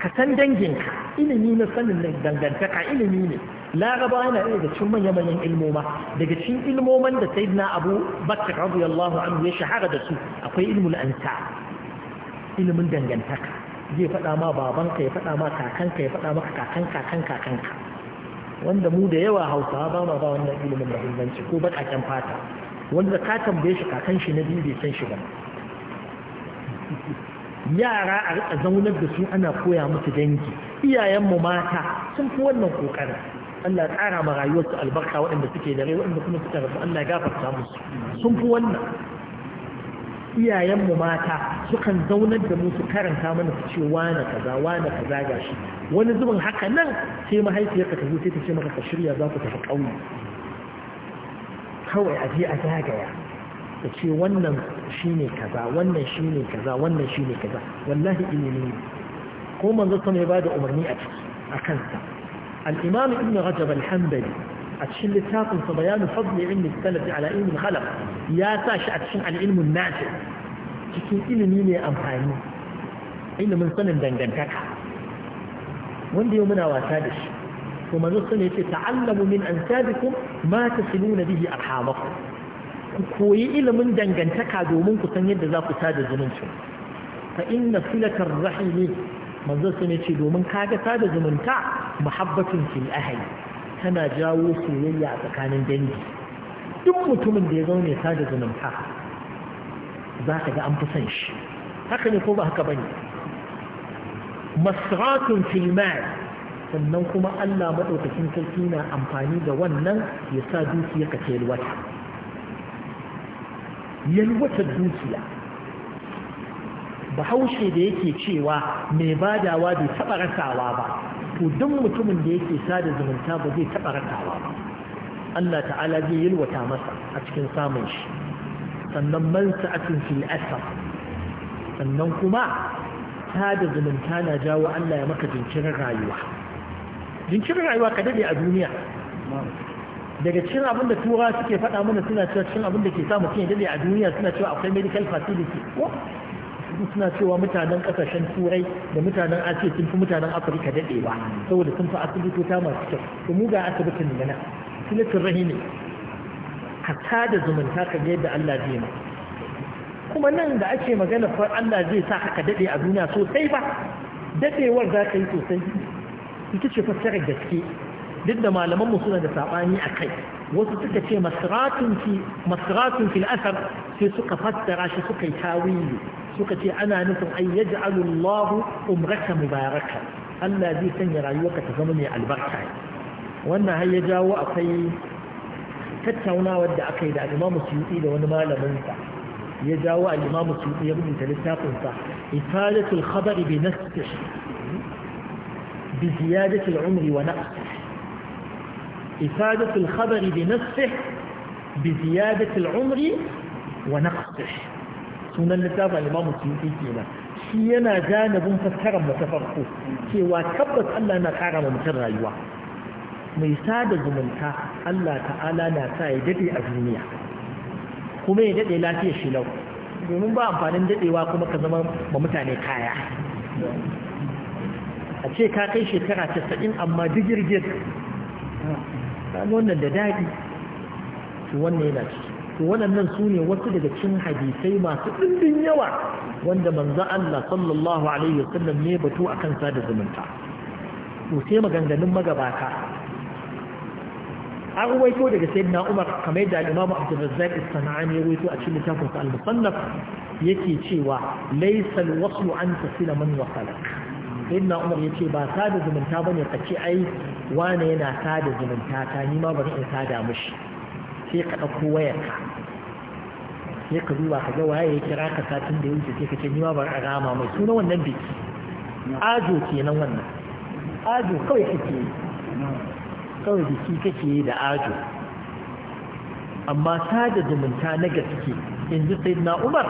ka san danginka ilimi na sanin dangantaka ilimi ne laraba yana iya da cin manya manyan ilmoma daga cikin ilmoman da sayyidina abu bakr radiyallahu anhu ya shahara da su akwai ilmul anta ilimin dangantaka zai faɗa ma babanka ya faɗa ma kakanka ya faɗa maka kakan kakan kakanka wanda mu da yawa hausawa ba ma ba wannan ilimin muhimmanci ko baƙaƙen fata wanda ka tambaye shi kakan shi na biyu bai san shi ba yara a rika zaunar da su ana koya musu dangi iyayenmu mata sun fi wannan kokarin Allah tsara ma su albarka waɗanda suke da rai waɗanda kuma suka rasu Allah gafarta musu sun fi wannan iyayenmu mata sukan zaunar da musu karanta mana su ce wane kaza wane kaza gashi wani zubin haka nan sai mahaifiyarka ta zo sai ta ce maka ka shirya za ku tafi ƙauye kawai a je a zagaya da ce wannan shi ne kaza wannan shi ne kaza wannan shi ne kaza wallahi ilimi ko manzo sama ya bada umarni a ciki a kansa al-imam ibn rajab al-hanbali a cikin littafin sa bayanu fadli ilmi salaf ala ilmi khalaq ya sa shi a cikin al-ilmu nafi cikin ilimi ne amfani ilimin sanin dangantaka wanda yau muna wasa da shi kuma nufin ya ce ta'allamu min an sadikum ma ta sinu na a arhamakum ku koyi ilimin dangantaka domin ku san yadda za ku sada zumunci fa inna filatar rahimi manzo su ne ce domin kaga sada zumunta muhabbatin fil tana jawo soyayya a tsakanin dangi duk mutumin da ya zo ne sada zumunta za ka ga an fi san shi haka ne ko ba haka bane masratun fil sannan kuma Allah maɗaukakin sarki na amfani da wannan ya sa dukiya ka ce yalwata yalwatar dukiya bahaushe da yake cewa mai badawa bai taɓa rasawa ba to duk mutumin da yake sada zumunta ba zai taɓa rasawa ba Allah ta'ala zai yalwata masa a cikin samun shi sannan man sa'atin fil asar sannan kuma sada zumunta na jawo Allah ya maka jinkirin rayuwa jinkirin rayuwa ka dade a duniya daga cikin abin da tura suke faɗa mana suna cewa cikin abin da ke samu mutum dade a duniya suna cewa akwai medical facility ko suna cewa mutanen kasashen turai da mutanen asiya sun fi mutanen afirka dadewa saboda sun fi asibitota masu kyau to mu ga asibitin yana silatin rahimi hatta da zumunta ka yadda Allah zai mu kuma nan da ake magana fa Allah zai sa ka dade a duniya sosai ba dadewar za ka yi sosai ita ce fassarar gaske duk da malaman mu suna da sabani a kai wasu suka ce masratun fi masratun fil asar sai suka fassara shi suka yi tawili suka ce ana nufin ay yaj'alu Allah umraka mubaraka Allah zai sanya rayuwarka ta zama mai albarka wannan har ya jawo akwai tattaunawa da aka yi da Imam Suyuti da wani malamin sa ya jawo al-Imam Suyuti ya rubuta littafin sa ifadatul khabari bi nafsihi بزيادة العمر ونقصه إفادة الخبر بنفسه بزيادة العمر ونقصه سنة لتابع الإمام السيوطي كينا شينا جانب فكرم وتفرقه كيوا تبت ألا نكرم مثل رأيوه mai sada zumunta Allah ta'ala na sa ya daɗe a duniya kuma ya daɗe lafiyar shi lau domin ba amfanin daɗewa kuma ka zama ma mutane kaya a ce ka kai shekara casa'in amma digirgir wannan da daɗi wannan yana ciki Su waɗannan su ne wasu daga cikin hadisai masu ɗimbin yawa wanda manzan Allah sallallahu alaihi wasallam ne batu akan sada zumunta to sai maganganun magabata an ruwaito daga na Umar kamar da Imam Abdul Razzaq As-Sanani ya ruwaito a cikin littafin sa Al-Musannaf yake cewa laisal waslu an tasila man wasalak sayyidina umar ya ce ba sada zumunta ba ne kace ai wane yana sada zumunta ta ni ma bari in sada mishi. sai ka ɗauko wayarka sai ka duba ka ga waye ya kira ka satin da ya wuce sai ka ce ni ma ba a rama mai suna wannan biki ajo kenan wannan ajo kawai kake yi kawai biki kake yi da ajo amma sada zumunta na gaske yanzu sayyidina umar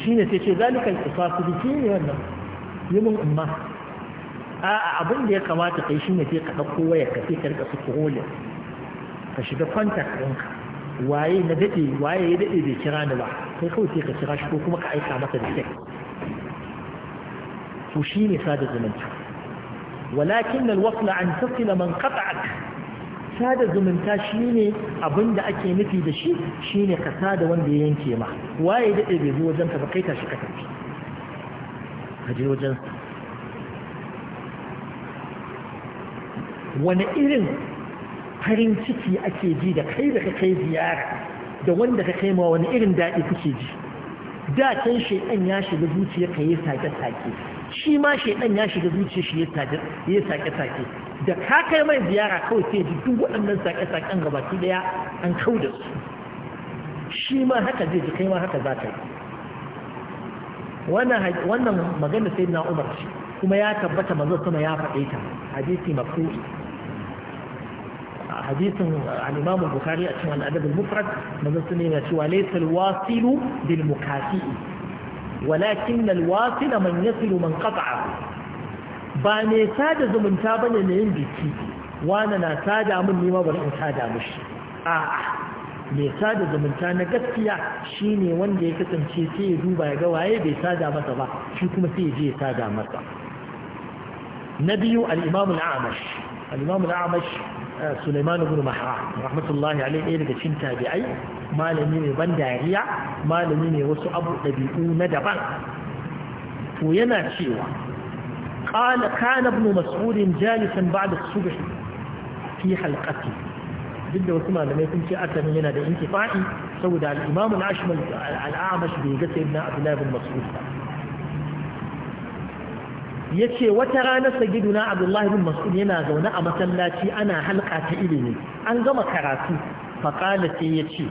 shine sai ce zalikal qisasu biki ne wannan yi mun umma a'a abin da ya kamata kai shine sai ka ɗauko wayar ka sai ka rika scrolling ka shiga contact ɗinka waye na daɗe waye ya daɗe bai kira ni ba kai kawai sai ka kira shi ko kuma ka aika masa da sai to shine sada zumunta. walakin alwasl an tasila man qata'ak sada zumunta shine abin da ake nufi da shi shine ka sada wanda ya yanke ma waye daɗe bai zo wajen ka ba kai tashi ka tafi ka wajen wani irin farin ciki ake ji da kai da kai ziyara da wanda ka kai ma wani irin daɗi kuke ji da can shaidan ya shiga zuciya ka yi sake-sake shi ma shaidan ya shiga zuciya shi ya sake-sake da ka kai mai ziyara kawai sai ji duk waɗannan sake-saken gabaki ɗaya an kau da su shi ma haka zai ji kai ma haka za ka yi wannan magana sai na umar kuma ya tabbata manzo kuma ya faɗe ta hadisi mafu'i hadisin uh, al-imam al-bukhari a cikin al-adab al-mufrad manzo sun yana cewa laysa al-wasilu bil mukasi walakin al-wasila man yasilu man qata'a ba ne sada zumunta bane ne yin biki wani na sada mun nima bari in sada mushi a'a mai sada zumunta na gaskiya shine wanda ya kasance sai ya duba ya ga waye bai sada masa ba shi kuma sai ya je ya sada masa na biyu al-imam al-amash al-imam al-amash Sulaiman ibn Mahra rahmatullahi alaihi ɗaya daga cikin tabi'ai malami ne ban dariya malami ne wasu abu dabi'u na daban to yana cewa qala kana ibn mas'ud jalisan ba'da subh fi halqati duk da wasu malamai sun ce asalin yana da intifa'i saboda al-imam al-ashmal al-a'mash bai ga sayyidina abdullahi bin mas'ud ba ce wata rana sayyiduna abdullahi bin mas'ud yana zaune a masallaci ana halka ta ilimi an gama karatu fa qala ya yace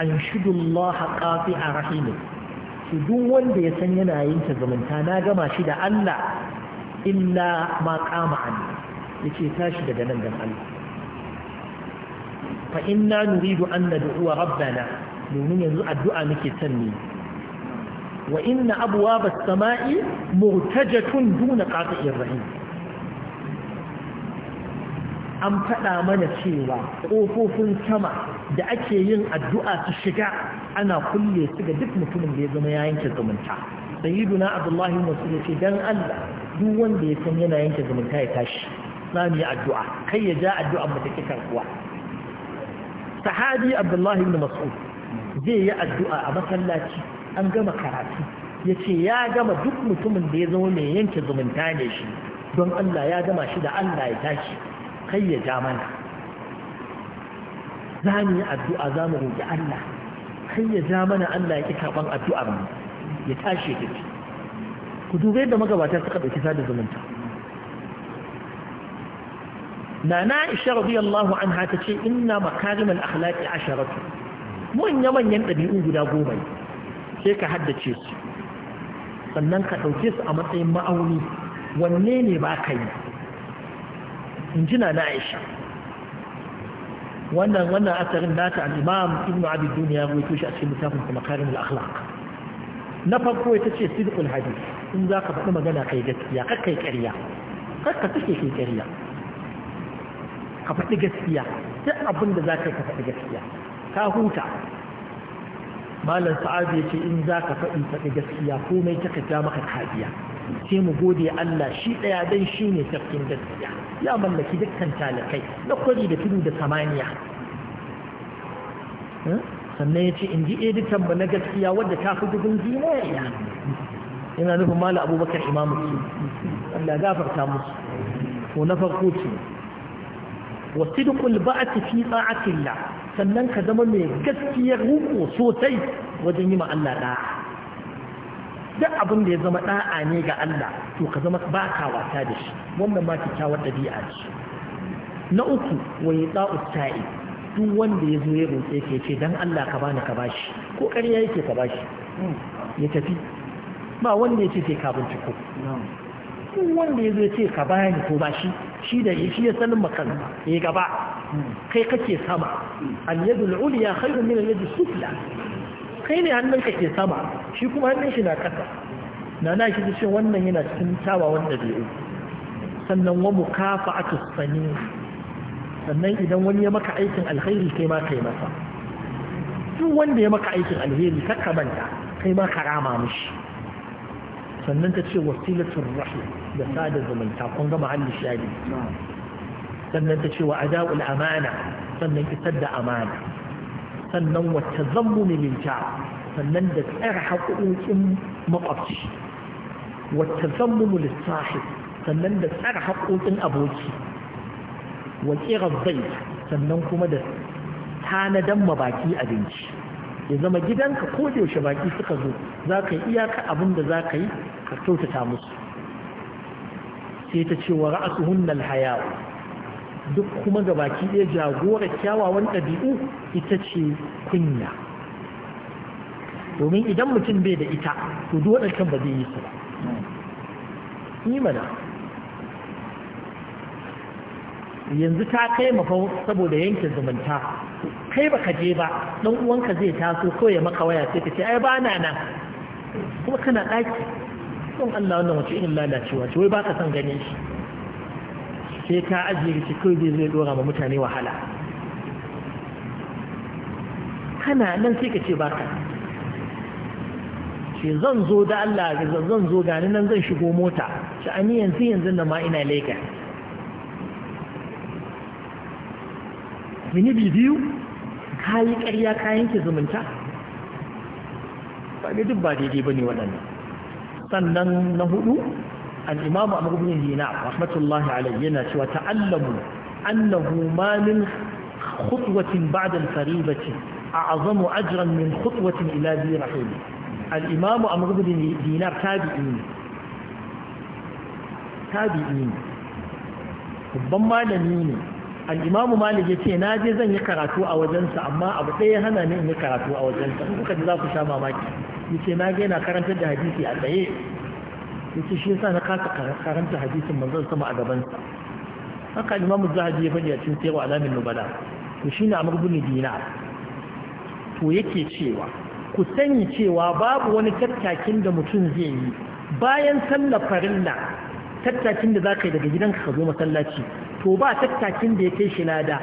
an shudu Allah a rahimi Su duk wanda ya san yana yin ta zumunta na gama shi da Allah illa ma qama an yace tashi daga nan don Allah fa inna nuridu an nad'uwa rabbana domin yanzu addu'a muke son ne wa inna abwaba as-sama'i murtajatun duna qati'ir rahim an faɗa mana cewa ƙofofin sama da ake yin addu'a su shiga ana kulle su ga duk mutumin da ya zama ya yanke zumunta sayyiduna abdullahi masu ce dan allah duk wanda ya san yana yanke zumunta ya tashi Na mu yi addu'a kai ya ja addu'a mu take kuwa. sahabi abdullahi ibn mas'ud zai yi addu'a a masallaci an gama karatu ya ce ya gama duk mutumin da ya zama mai yanke zumunta ne shi don Allah ya gama shi da Allah ya tashi kai ya ja mana za mu yi addu'a za mu roƙi Allah kai ya ja mana Allah ya ƙi karɓan addu'ar mu ya tashi ya tafi ku dubai da magabata suka ɗauki sada zumunta nana rabi radiyallahu anha ta ce inna makarimal akhlaqi asharatu manya manyan ɗabi'un guda goma sai ka haddace su sannan ka ɗauke su a matsayin ma'auni wanne ne ba ka yi in ji na aisha wannan wannan asarin nata al-imam ibnu abi duniya ya rubuto shi a cikin littafin sa makarim al-akhlaq na farko ita ce sidqul Hadis, in za ka faɗi magana kai gaskiya kar kai ƙarya kar ka take kai ƙarya ka faɗi gaskiya duk abin da za ka ka faɗi gaskiya ka huta malam sa'adu ya ce in za ka faɗi faɗi gaskiya komai ta ja maka kariya sai mu gode Allah shi ɗaya dan shi ne sarkin gaskiya ya mallaki dukkan talakai na kwari da tudu da samaniya hmm? sannan ya ce in ji editan ba na gaskiya wadda ta fi dubin zinariya yana nufin malam abubakar imamu ce Allah gafarta musu ko na farko ce wa sidqul ba'ati fi ta'atillah sannan ka zama mai gaskiyar ruko sosai wajen yi ma Allah da'a duk abin da ya zama da'a ne ga Allah to ka zama ba ka wata da shi wannan ma kyakkyawar ɗabi'a ce na uku wa yata'u ta'i duk wanda ya zo ya roƙe ka ce dan Allah ka bani ka bashi ko ƙarya yake ka bashi ya tafi ba wanda ya ce sai ka binciko duk wanda ya zo ce ka bani ko ba shi shi da shi ya sanin makan ya gaba kai kake sama al yadu al ulya khairun min al yadu sufla kai ne hannun ka ke sama shi kuma hannun shi na kasa na na shi ce wannan yana cikin tawa wanda bai yi sannan wa mukafa'atu sani sannan idan wani ya maka aikin alheri kai ma kai masa duk wanda ya maka aikin alheri kakka manta kai ma karama mishi sannan ta ce wasilatun rahim da sada zumunta kun gama hannu shari sannan ta ce wa ada'ul amana sannan isar da amana sannan wata zammu milinta sannan da tsar haƙoƙin makwabci wata zammu mulissahi sannan da tsar haƙoƙin aboki wa tsirar bai sannan kuma da tanadan mabaki abinci ya zama gidanka ko da yaushe baki suka zo za ka yi iyaka abin da za ka yi ka kyautata musu sai ta ce wa hunnal alhaya duk kuma ga baki ɗaya jagora kyawawan ɗabi'u ita ce kunya domin idan mutum bai da ita to duk waɗancan ba zai yi su ba ni mana yanzu ta kai mafa saboda yanke zumunta kai baka je ba dan uwanka zai taso kawai maka waya sai ka ce ai ba na nan kuma kana ɗaki don Allah wannan wace irin lalacewa ce wai ba ka son ganin shi sai ka ajiye shi kawai zai zai dora ma mutane wahala kana nan sai ka ce ba ka ce zan zo da Allah zan zo gani nan zan shigo mota yi yanzu yanzu na ma ina lagos zunubi biyu ka yi ƙarya kayan ke zumunta ba duk ba daidai ba ne waɗannan sannan na hudu an imamu abu gudun dina rahmatullahi alai yana cewa ta'allamu annahu ma min khutwatin ba'da al-faribati a azamu ajran min khutwatin ila bi rahim al imamu amr ibn dinar tabi'in tabi'in babban malami ne al'imamu imamu ya ce na je zan yi karatu a wajensa amma abu ya hana ni in yi karatu a wajensa in za ku sha mamaki yace na ga yana karantar da hadisi a tsaye yace shi yasa na kasa karanta hadisin manzon sama a gaban sa haka Imam Zahabi ya faɗi a cikin Sayyid Alamin Nubala to shine Amr ibn dina to yake cewa ku sani cewa babu wani tattakin da mutum zai yi bayan sallar farilla tattakin da zaka yi daga gidanka ka zo masallaci to ba tattakin da ya kai shi lada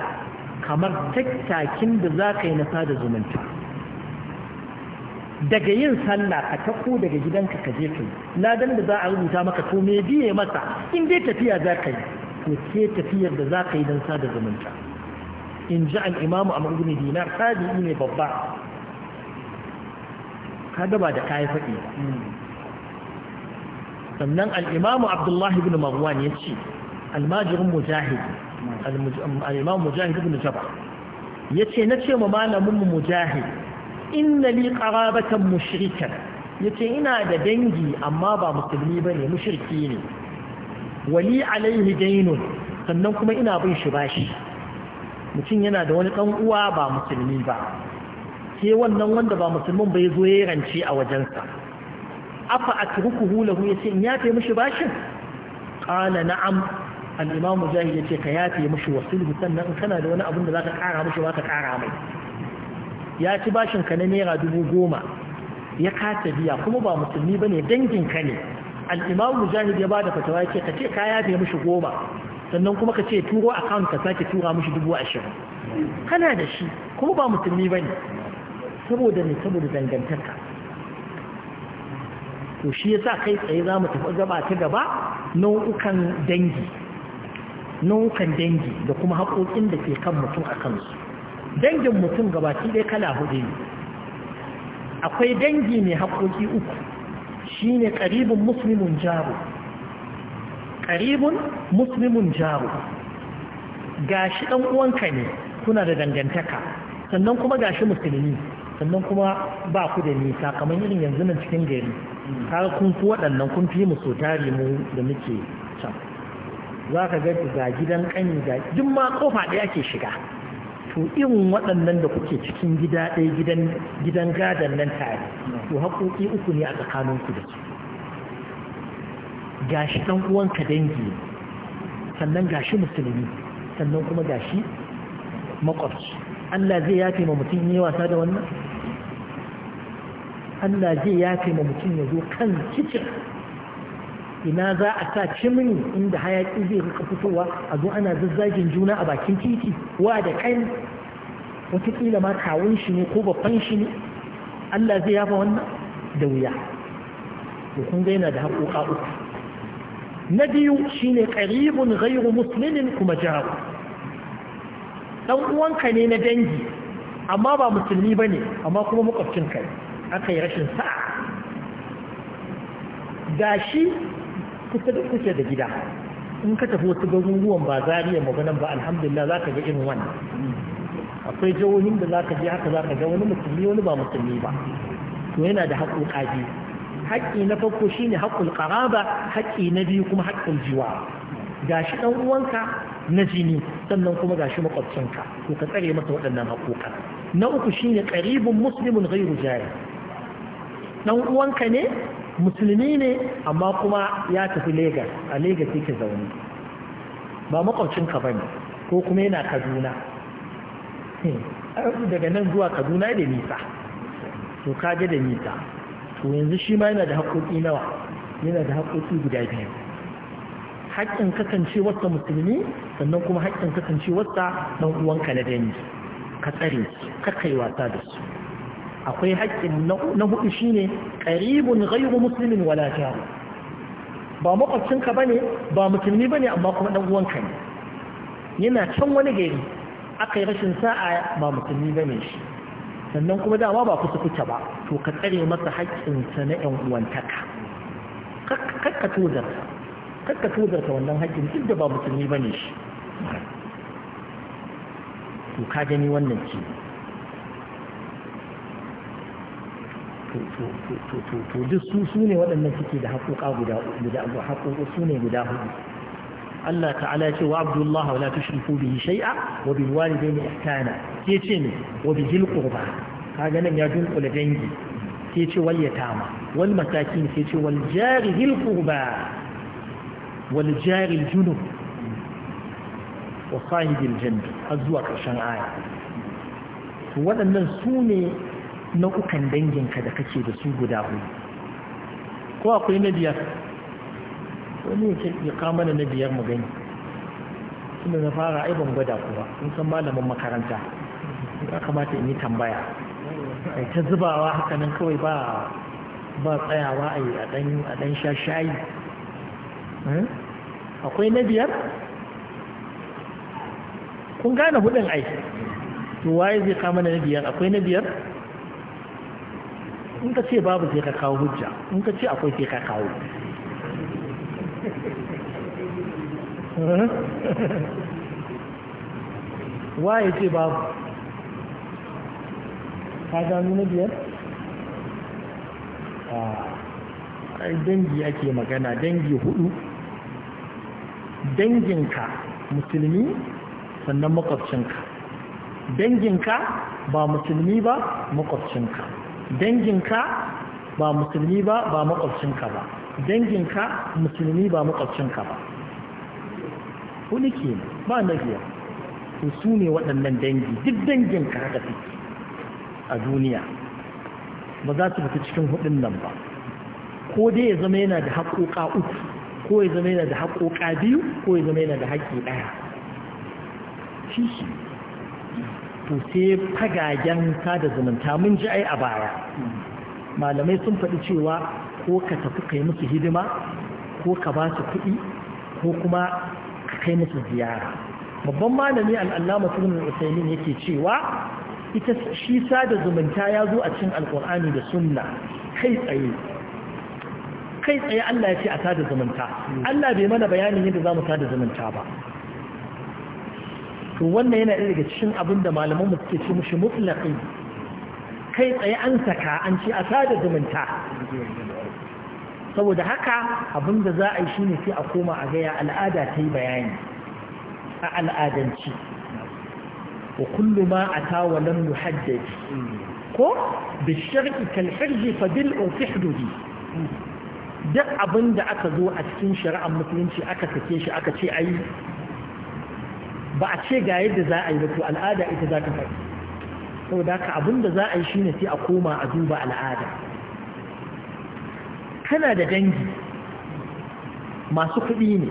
kamar tattakin da zaka yi na sada zumunta daga yin sallah a tako daga gidanka ka je kai ladan da za a rubuta maka to me biye masa in dai tafiya za ka yi to ke tafiyar da za ka yi don sada zumunta in ji an imamu amr ibn dinar sadi ne babba ka gaba da kayi faɗi sannan al imamu abdullahi ibn marwan ya ce almajirin mujahid al imamu mujahid ibn Jaba, ya ce na ce ma malamin mujahid inna li qarabatan mushrikan yace ina da dangi amma ba musulmi bane mushriki ne wali alaihi dainun sannan kuma ina bin shi bashi mutum yana da wani dan uwa ba musulmi ba sai wannan wanda ba musulmin bai zo ya rance a wajensa afa atrukuhu lahu yace in yafe mishi bashin qala na'am al-imam mujahid yace ka yafe mishi wasulhu sannan kana da wani abin da zaka kara mishi ba ka kara mai ya ci bashin ka na naira dubu goma ya kata biya kuma ba musulmi bane dangin ka ne alimamu mujahid ya bada fatawa ce ka ce ka yafe mishi goma sannan kuma ka ce turo kan ka sake tura mishi dubu ashirin kana da shi kuma ba musulmi bane saboda ne saboda dangantaka to shi ya sa kai tsaye za mu tafi gaba ta gaba nau'ukan dangi nau'ukan dangi da kuma haƙoƙin da ke kan mutum a kansu dangin mutum gabaki ɗaya kala hudu ne akwai dangi mai haƙoƙi uku shine ƙaribin muslimun jaro ƙaribin muslimun jaro gashi ɗan uwanka ne kuna da dangantaka sannan kuma gashi musulmi sannan kuma ba ku da nisa kamar irin yanzu nan cikin gari har kun fi waɗannan kun fi mu so mu da muke can za ka ga ga gidan ƙani ga duk ma kofa ɗaya ke shiga to in waɗannan da kuke cikin gida ɗaya gidan gadon nan tare to haƙoƙi uku ne a tsakaninku da su gashi ɗan uwanka dangi sannan gashi musulmi sannan kuma gashi makwabci Allah zai yafe ma mutum yi wasa da wannan Allah zai yafe ma mutum ya zo kan kicin ina za a sa cimini inda hayaki zai rika fitowa a zo ana zazzagin juna a bakin titi wa da kan wataƙila ma kawun shi ne ko babban shi ne Allah zai yafa wannan da wuya to kun ga yana da haƙoƙa uku na biyu shine qaribun ghairu muslimin kuma jaru dan uwanka ne na dangi amma ba musulmi bane amma kuma makwabcin kai aka yi rashin sa'a gashi kusa da kusa da gida in ka tafi wasu garuruwan ba zariya maganan ba alhamdulillah za ka ga irin wani. akwai jihohin da za ka je haka za ka ga wani musulmi wani ba musulmi ba to yana da haƙoƙa biyu haƙƙi na farko shine haƙƙul qaraba haƙƙi na biyu kuma haƙƙun jiwa gashi ɗan uwanka na jini sannan kuma gashi makwabcinka to ka tsare masa waɗannan haƙoƙa na uku shine ƙaribin musulmin ghairu jari uwanka ne musulmi ne amma kuma ya tafi Legas a Legas yake zaune ba makwabcinka ba ne ko kuma yana Kaduna hmm. daga nan zuwa Kaduna da nisa to kaje da nisa to yanzu shi ma yana da haƙoƙi nawa yana da haƙoƙi guda biyu haƙƙin kasance wata musulmi sannan kuma haƙƙin kasance wata ɗan uwanka na dangi ka tsare su ka kai wasa da su akwai haƙƙin na hudu ne ƙaribin gairu musulmin wala jaru ba ba ne, ba musulmi ba ne, amma kuma dan uwanka ne yana can wani gari aka yi rashin sa'a ba musulmi ba ne shi sannan kuma dama ba kusa kuta ba to ka tsare masa haƙƙinsa na ƴan uwantaka kakka tozarta wannan haƙƙin duk da ba musulmi ne shi to ka gani wannan ce to duk su su ne waɗannan suke da haƙoƙa guda guda haƙoƙo su ne guda hudu Allah ta'ala ya ce wa Abdullah wa la tushriku bihi shay'a wa bil walidayni ihsana sai ce ne wa bihil qurba kaga nan ya dunkula dangi sai ce wal yatama wal masakin sai ce wal jari hil qurba wal jari al junub wa sahibil janbi har zuwa ƙarshen aya waɗannan su ne Na kukan danginka da kake da su guda hudu ko akwai na biyar wani ya kama na biyar mu gani inda na fara ban gwada kuwa in san malamin makaranta ya kamata in yi tambaya ai ta zubawa haka nan kawai ba ba tsayawa a yi a ɗan sha shayi hmm? akwai na biyar kun gane hudun ai to waye zai kama na biyar akwai na biyar in ka ce babu sai ka kawo hujja in ka ce akwai sai ka kawo *laughs* waye ce babu ka gano na biyar? a ah, dangi ake magana dangi hudu danginka musulmi sannan makwabcinka danginka ba musulmi ba makwabcinka danginka ba musulmi ba ba makwabcinka ba danginka musulmi ba makwabcinka ba hudu ke ba na biya to su ne waɗannan dangi duk danginka haka suke a duniya ba za su fita cikin hudun nan ba ko dai ya zama yana da haƙoƙa uku ko ya zama yana da haƙoƙa biyu ko ya zama yana da haƙi ɗaya shi shi to sai fagagen sada zumunta mun ji ai a baya malamai sun faɗi cewa ko ka tafi kai musu hidima ko ka ba su kuɗi ko kuma ka kai musu ziyara babban malami al'allama sunan usaimin yake cewa ita shi sada zumunta ya zo a cin alkur'ani da sunna kai tsaye kai tsaye Allah ya ce a sada zumunta hmm. Allah bai mana bayanin yadda za mu sada zumunta ba to wannan yana ɗaya daga cikin abin da malaman mu suke ce mushi muflaqi kai tsaye an saka an ce a sada zumunta saboda haka abin da za a yi shine sai a koma a gaya al'ada ta yi bayani a al'adanci wa kullu ma ata wa lam ko Bishiyar shar'i kal fa bil ufihdudi duk abin da aka zo a cikin shari'ar musulunci aka sake shi aka ce ayi. ba a ce ga yadda za a yi ba to al'ada ita za ta faɗi saboda haka abin da za a yi shine sai a koma a duba al'ada kana da dangi masu kuɗi ne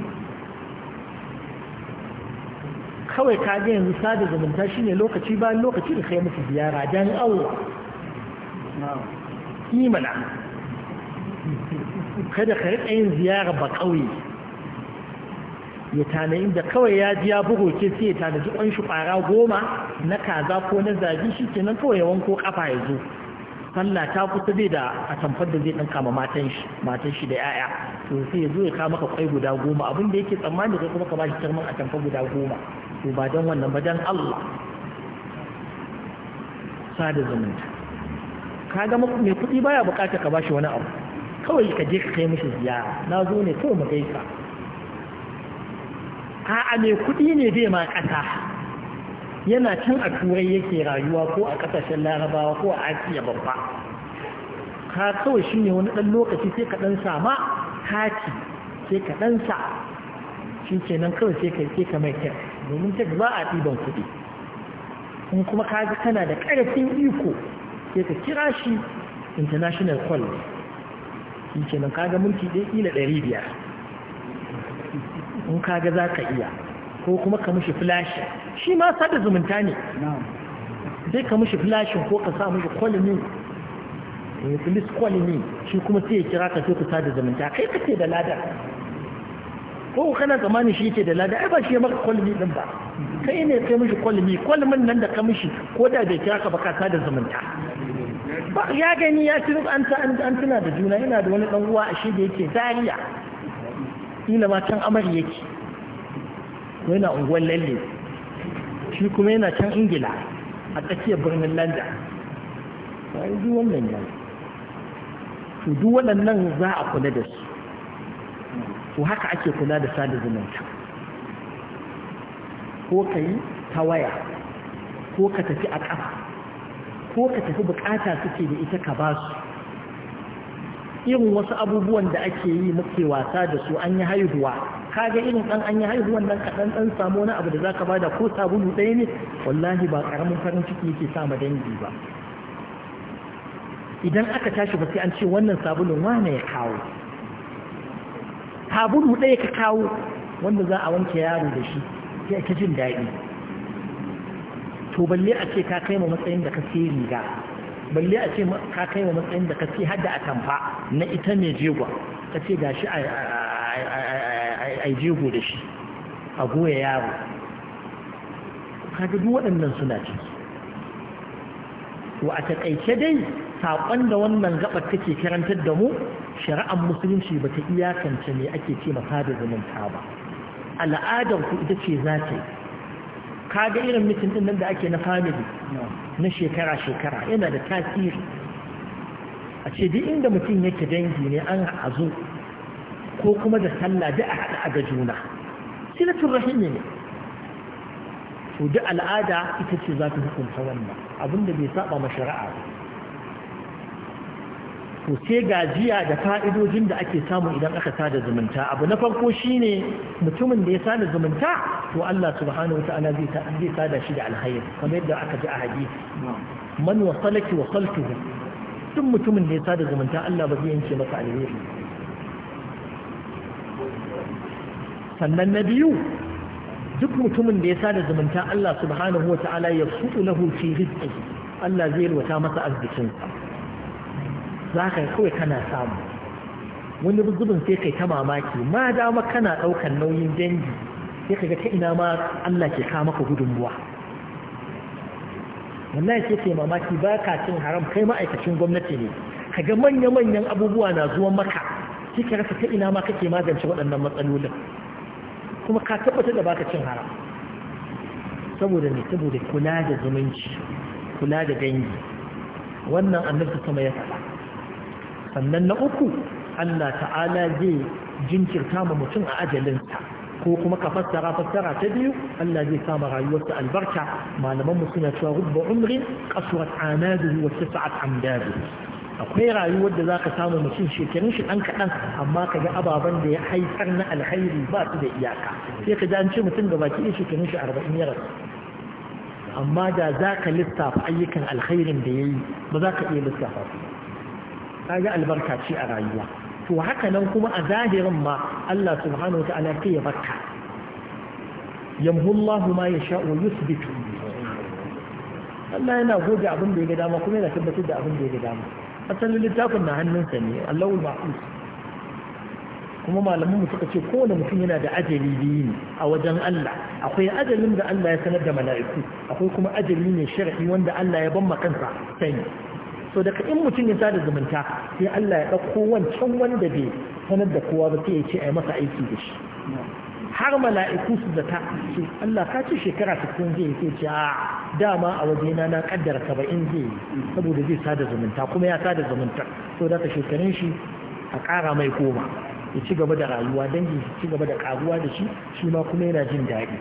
kawai ka ga yanzu sada zumunta shine lokaci bayan lokaci da kai musu ziyara dan Allah imana kada ka riƙa yin ziyara ba ƙauye ya tanayi da kawai ya ji ya bugo ke sai ya tanaji ƙwanshi ƙwara goma na kaza ko na zabi shi kenan kawai ya wanko ƙafa ya zo sallah ta kusa zai da a tamfar da zai ɗan ma matan shi da yaya to sai ya zo ya kama ka guda goma abin da yake tsammani zai kuma ka bashi tarman a tamfar guda goma to ba don wannan ba don Allah sada zumunta ka ga mai kuɗi baya bukata ka bashi wani abu kawai ka je ka kai mishi ziyara na zo ne kawai mu gaisa a'a mai kuɗi ne bai ma kasa yana can a turai yake rayuwa ko a kasashen larabawa ko a asiya babba ka kawai shi ne wani ɗan lokaci sai ka ɗan sama kati sai ka ɗan sa shi ke nan kawai sai ka sai ka mai domin ta ba a ɗiban kuɗi in kuma ka ji kana da ƙarfin iko sai ka kira shi international call shi ke nan ka ga mulki ɗaya ila ɗari biyar in kaga za ka iya ko kuma ka mushi flashin shi ma sada zumunta ne zai ka mushi flashin ko ka sa mushi kwalini ya filis kwalini shi kuma sai ya kira ka sai ku sada zumunta kai ka ce da lada ko kana tsammanin shi yake da lada ai ba shi ya maka kwalini din ba kai ne kai mushi kwalini kwalimin nan da ka mushi ko da bai kira ka ba ka sada zumunta ya gani ya ci an tuna da juna yana da wani dan uwa a shi da yake dariya kila ma can amari yake ko yana unguwar lalle shi kuma yana can ingila a tsakiyar birnin landa ba yi duk wannan ya to duk waɗannan za a kula da su su haka ake kula da sada zumunta ko ka yi ta waya ko ka tafi a ƙafa ko ka tafi bukata suke da ita ka ba su irin wasu abubuwan da ake yi muke wasa da su an yi haihuwa kaga irin dan an yi haihuwan nan kaɗan ɗan samu na abu da zaka bada ko sabulu ɗaya ne wallahi ba karamin farin ciki yake sa ma dangi ba idan aka tashi ba sai an ce wannan sabulun wane ya kawo sabulu ɗaya ka kawo wanda za a wanke yaro da shi sai ka jin daɗi to balle a ce ka kai ma matsayin da ka sai riga balle a ce ka kai wa matsayin da ka ce hada a tamfa na ita mai jego ka ce ga shi a jego da shi a goya yaro kaga duk waɗannan suna ciki wa a taƙaice dai saƙon da wannan gaɓar take karantar da mu shari'ar musulunci ba ta iyakance me ake ce masa da zumunta ba al'adar ku ita ce za ta yi kaga irin mitin din nan da ake na family na shekara-shekara yana da tasiri a ce duk inda mutum yake dangi ne an azu ko kuma da sallah da a haɗa a ga juna silatun rahimi ne to duk al'ada ita ce za ta hukunta wannan abinda bai saba ma shari'a ba to sai gajiya da fa'idojin da ake samu idan aka sada zumunta abu na farko shine mutumin da ya sada zumunta to Allah subhanahu wa ta'ala zai sada shi da alhairi kamar yadda aka ji a hadisi man wasalaki wasaltuhu duk mutumin da ya sada zumunta Allah ba zai yanke masa alheri sannan na biyu duk mutumin da ya sada zumunta Allah subhanahu wa ta'ala ya su'u lahu fi rizqi Allah zai yalwata masa arzikinsa za ka kawai kana samu wani zubin sai kai ta mamaki ma dama kana ɗaukan nauyin dangi sai ka ga ta ina ma Allah ke ka maka buwa wannan sai ke mamaki ba ka cin haram kai ma'aikacin gwamnati ne ka ga manya-manyan abubuwa na zuwa maka sai ka rasa ta ina ma kake magance waɗannan matsalolin kuma ka tabbatar da baka cin haram saboda ne saboda kula da zumunci kula da dangi wannan annabta sama ya faɗa sannan na uku Allah ta'ala zai jinkirta ma mutum a ajalinsa ko kuma ka fassara fassara ta biyu Allah zai sama rayuwarsa albarka malaman mu suna cewa rubba Umri, qaswat anaduhu wa sa'at amdadu akwai rayuwar da zaka samu mutum shekarun shi dan kadan amma kaga ababan da ya haifar na alkhairi ba su da iyaka sai ka ji an ce mutum da baki ya shekarun shi 40 ya amma da zaka lissafa ayyukan alkhairin da yayi ba za ka iya lissafa su kaga albarka albarkaci a rayuwa to haka nan kuma a zahirin ma Allah subhanahu ta'ala ya barka yamhu Allah ma yasha wa yuthbitu Allah yana goge abin da ya ga dama kuma yana tabbatar da abin da ya ga dama asalin littafin na hannunsa ne Allahul ma'us kuma malamanmu suka ce kowane mutum yana da ajali biyu ne a wajen Allah akwai ajalin da Allah ya sanar da mala'iku akwai kuma ajali ne shar'i wanda Allah ya ban kansa sani so daga in mutum ya sada zumunta sai Allah ya ɗauko wancan wanda bai sanar da kowa ba sai ya ce a yi masa aiki da shi har mala'iku su zata ce Allah ka ce shekara ta kun zai yi ce a dama a wajena na kaddara saba'in zai yi saboda zai sada zumunta kuma ya sada zumunta so da shekarun shi a ƙara mai goma ya ci gaba da rayuwa dangi ya ci gaba da karuwa da shi shi ma kuma yana jin daɗi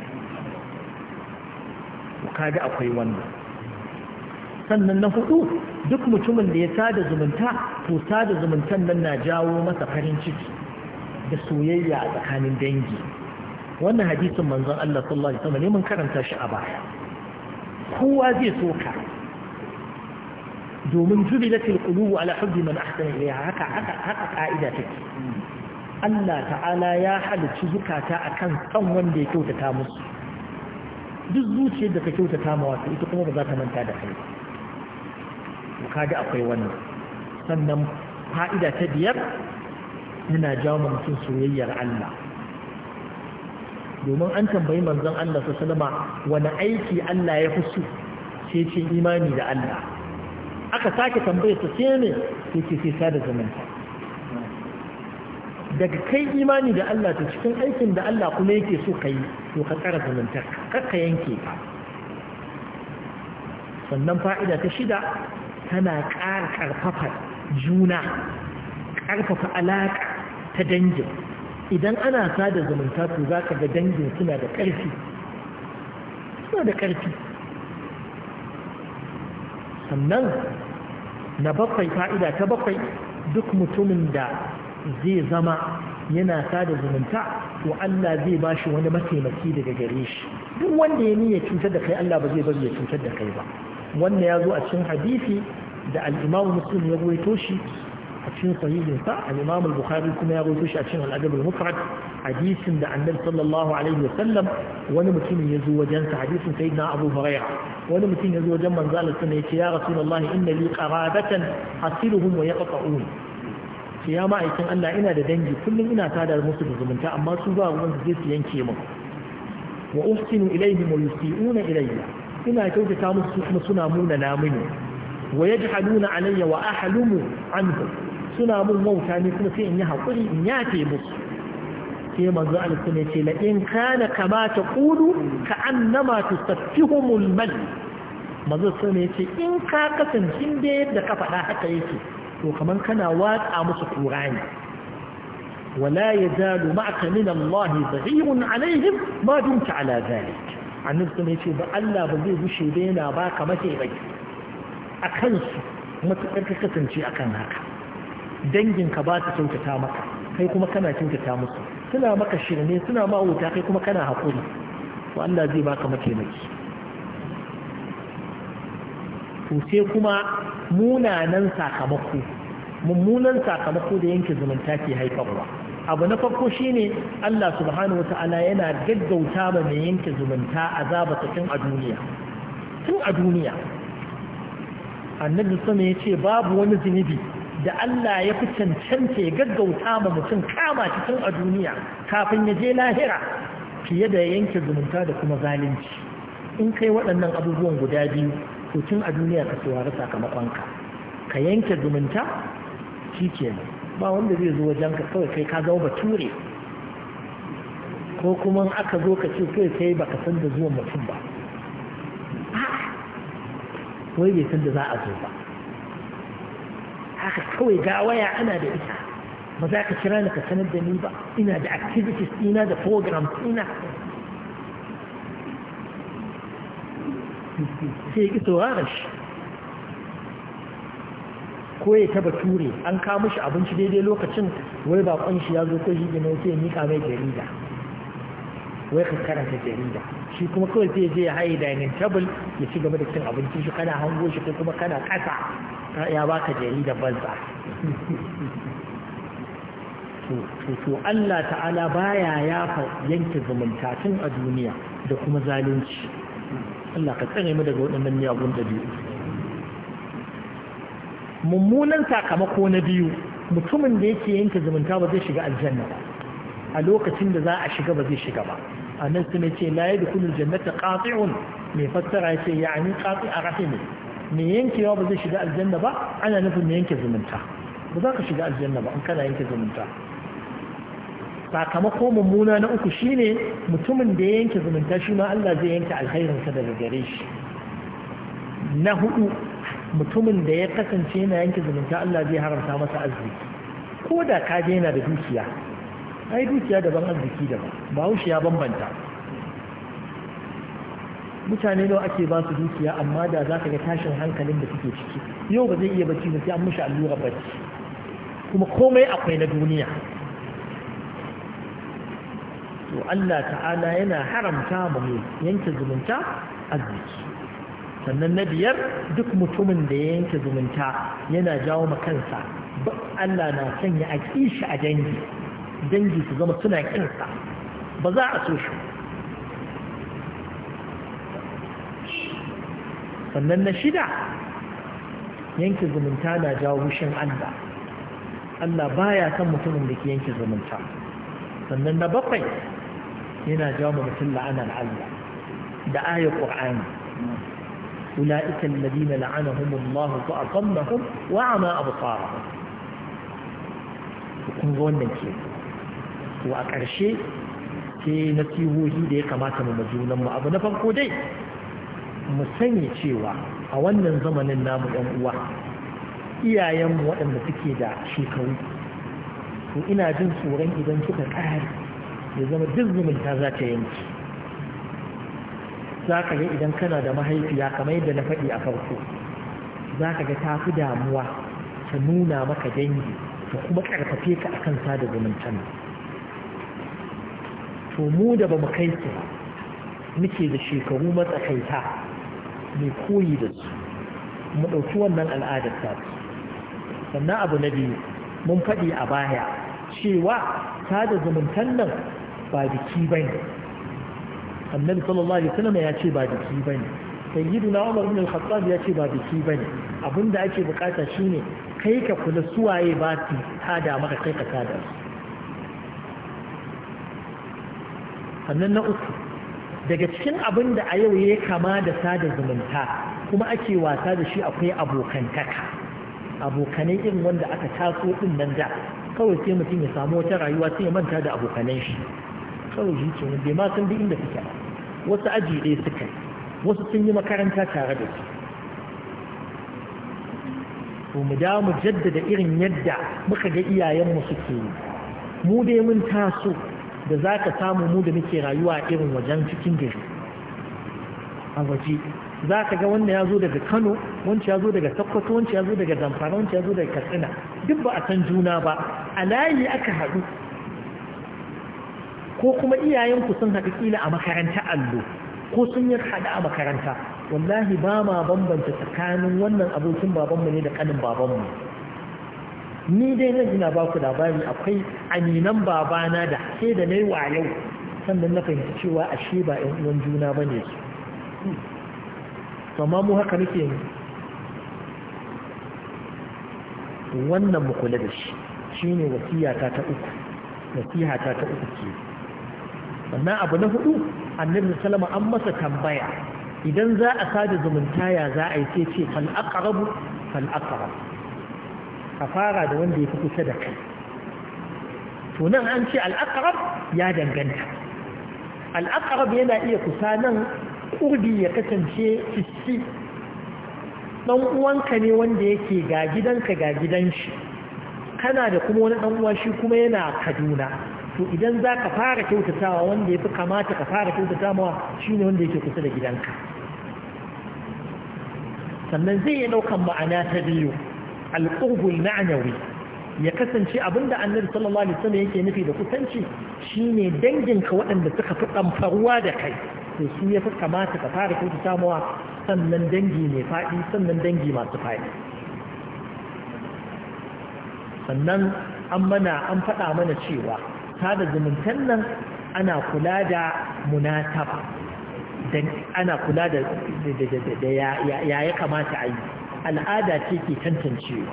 kaga akwai wannan sannan na hudu duk mutumin da ya sada zumunta to sada zumuntan nan na jawo masa farin ciki da soyayya a tsakanin dangi wannan hadisin manzon Allah sallallahu alaihi wasallam ne mun karanta shi a baya kowa zai soka domin jubilatil qulubu ala hubbi man ahsana ilayha haka haka haka ka'ida take Allah ta'ala ya halicci zukata akan kan wanda ya kyautata musu duk zuciyar da ka kyautata ma ita kuma ba za ta manta da kai kaga akwai wannan sannan fa'ida ta biyar yana jawo mutum soyayyar Allah domin an tambayi manzon Allah su salama wani aiki Allah ya fi su sai ce imani da Allah aka sake tambaye su sai ne sai ce sai sada zamanta daga kai imani da Allah ta cikin aikin da Allah kuma yake so ka yi to ka tsara zamantar ka yanke ka sannan fa'ida ta shida tana ƙara ƙarfafa juna ƙarfafa alaƙa ta dangin idan ana sada zumunta to za ka ga dangin suna da ƙarfi suna da ƙarfi sannan na bakwai fa'ida ta bakwai duk mutumin da zai zama yana sada zumunta to Allah zai ba shi wani mataimaki daga gare shi duk wanda ya niyya cutar da kai Allah ba zai bari ya cutar da kai ba wannan ya zo a cikin hadisi da al muslim ya ruwaito shi a cikin sahihin sa al bukhari kuma ya ruwaito shi a cikin al-adab al-mufrad hadisin da annabi sallallahu alaihi sallam wani mutum ya zo wajen sa hadisin na abu hurairah wani mutum ya zo wajen manzo Allah ya ce ya rasulullahi inna li qarabatan hasiluhum wa yaqta'un ce ya ma'aikin Allah ina da dangi kullum ina tada musu da zumunta amma su ba ruwan su je su yanke mu wa uhsinu ilaihim wa yusi'una ilayya suna kyautata musu su kuma suna muna namuni wa yajhaluna alayya wa ahlumu anhu suna mun wauta ne kuma sai in yi hakuri in yafe musu sai manzo Allah ne ce la kana ka annama tusaffihumul mal manzo sai ne ce in ka kasance da yadda ka faɗa haka yake to kamar kana watsa musu qur'ani ولا يزال معك من الله ظهير عليهم ما دمت على ذلك annabi sun ce ba Allah ba zai gushe ba yana baka mataimaki a kansu matuƙar ka kasance a kan haka danginka ba su kyautata maka kai kuma kana kyautata musu suna maka shirme suna ma wuta kai kuma kana haƙuri to Allah zai baka mataimaki to sai kuma munanan sakamako mummunan sakamako da yanke zumunta ke haifarwa abu na farko shine Allah subhanahu wata'ala yana gaggauta ba mai yanke zumunta azaba tun a duniya tun a duniya annabi sama ya ce babu wani zunubi da Allah ya fi cancanta ya gaggauta ma mutum kama shi tun a duniya kafin ya je lahira fiye da yanke zumunta da kuma zalunci in kai waɗannan abubuwan guda biyu to tun a duniya ka saurari sakamakonka ka yanke zumunta shi kenan ba wanda zai zo wajen ka kawai kai ka ba bature ko kuma aka zo ka ce kai kai baka san da zuwan mutum ba wai bai san da za a zo ba haka kawai ga waya ana da ita ba za ka kira ni ka sanar da ni ba ina da activities ina da programs ina sai ki saurara shi ko ya taba ture an kawo shi abinci daidai lokacin wai ba kunshi ya zo ko shi gina sai ya mika mai jarida wai ka karanta jarida shi kuma kawai sai je ya haye dining table ya ci gaba da cin abinci shi kana hango shi ko kuma kana kasa ya baka jarida banza to Allah ta'ala baya yafa yanke zumunta tun a duniya da kuma zalunci Allah ka tsare mu daga waɗannan miyagun dabi'u mummunan sakamako na biyu mutumin da yake yanke zumunta ba zai shiga aljanna ba a lokacin da za a shiga ba zai shiga ba a nan su ce la ya dukkan jannata ƙafi'un mai fassara ce ya ani ƙafi a ne mai yankewa ba zai shiga aljanna ba ana nufin mai yanke zumunta ba za ka shiga aljanna ba in kana yanke zumunta sakamako mummuna na uku shine mutumin da ya yanke zumunta shi ma Allah zai yanke alkhairinsa daga gare shi na hudu mutumin da ya kasance yana yanke zumunta Allah zai haramta masa arziki ko da ka je yana da dukiya ai dukiya daban arziki daban ba haushi ya bambanta mutane nawa ake ba su dukiya amma da za ka ga tashin hankalin da suke ciki yau ba zai iya bacci da sai an mushi allura bacci kuma komai akwai na duniya to Allah ta'ala yana haramta mu yanke zumunta arziki sannan na biyar duk mutumin da ya yanke zumunta yana jawo kansa Allah na sanya a kishi a dangi dangi su zama suna kinsa ba za a so shi sannan na shida yanke zumunta na jawo rushin Allah Allah baya san mutumin da ke yanke zumunta sannan na bakwai yana jawo mutum la'anar Allah da ayar ƙur'ani أولئك الذين لعنهم الله فأقمهم وعمى أبصارهم kun ga wannan ke to a ƙarshe ke nasihohi da ya kamata mu majunan mu abu na farko dai mu sanya cewa a wannan zamanin namu ɗan uwa iyayenmu waɗanda suke da shekaru to ina jin tsoron idan suka ƙare ya zama duk zumunta za ta yanki za ka ga idan kana da mahaifiya kamar yadda na faɗi a farko za ka ga ta fi damuwa ta nuna maka dangi ta kuma ƙarfafe ka akan sada zumuntan to mu da ba mu kai su muke da shekaru matsakaita mai koyi da su mu ɗauki wannan al'adar ta sannan abu na biyu mun faɗi a baya cewa sada zumuntan nan ba biki ba ne annabi sallallahu alaihi wasallam ya ce ba ki bane sayyiduna umar ibn al-khattab ya ce ba ki bane abinda ake bukata shine kai ka kula suwaye ba su tada maka kai ka tada sannan na uku daga cikin abinda da a yau ya kama da sada zumunta kuma ake wasa da shi akwai abokantaka abokanai irin wanda aka taso din nan da kawai sai mutum ya samu wata rayuwa sai ya manta da abokanan shi kawai shi ke bai ma san duk inda suke ba wasu aji ɗaya suka yi wasu sun yi makaranta tare da su to mu da mu jaddada irin yadda muka ga iyayenmu suke yi mu dai mun taso da za ka samu mu da muke rayuwa a irin wajen cikin gari a waje za ka ga wanda ya zo daga kano wancan ya zo daga sokoto wancan ya zo daga zamfara wancan ya zo daga katsina duk ba a san juna ba a layi aka haɗu ko kuma iyayenku sun haɗu kila a makaranta allo ko sun yi haɗu a makaranta wallahi ba ma bambanta tsakanin wannan abokin babanmu ne da ƙanin babanmu ni dai na gina ba ku labari akwai aminan babana da sai da yi wa yau sannan na fahimci cewa ashe ba ƴan uwan juna ba ne su amma mu haka muke ne wannan mu kula da shi shine wasiyata ta uku nasiha ta ta uku ke. sannan abu na hudu annabi salama, an masa tambaya idan za a sada zumunta ya za a yi sai ce fal aqrabu fal aqrab ka fara da wanda ya fi kusa da kai to nan an ce al aqrab ya danganta al aqrab yana iya kusa nan ƙurdi ya kasance fiski dan uwanka ne wanda yake ga gidanka ga gidan shi kana da kuma wani dan uwa shi kuma yana Kaduna to idan za ka fara kyautatawa wanda ya fi kamata ka fara kyautatawa shi ne wanda yake kusa da gidanka sannan zai iya ɗaukan ma'ana ta biyu alƙurgul ma'anawi ya kasance abinda annabi sallallahu alaihi wasallam yake nufi da kusanci shine danginka waɗanda suka fi ɗamfaruwa da kai to su ya fi kamata ka fara kyautata mawa sannan dangi mai faɗi sannan dangi masu faɗi sannan an mana an faɗa mana cewa sada zumuntan nan ana kula da munasaba ana kula da ya ya kamata a yi al'ada ce ke tantance.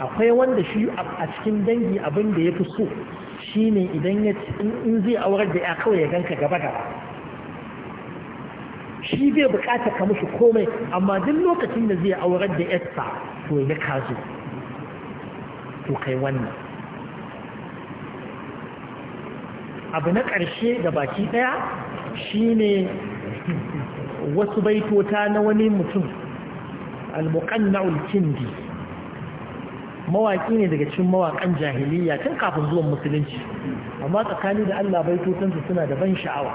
akwai wanda shi a cikin dangi abin da ya fi so shi ne idan ya in zai aurar da ya kawai ya ganka gaba gaba shi bai bukata ka mushi komai amma duk lokacin da zai aurar da yasta to ya ka to kai wannan abu na ƙarshe da baki ɗaya shine wasu baitota na wani mutum al-muqanna'ul kindi mawaƙi ne daga cikin mawaƙan jahiliya tun kafin zuwan musulunci amma tsakani da Allah baitotansu suna da ban sha'awa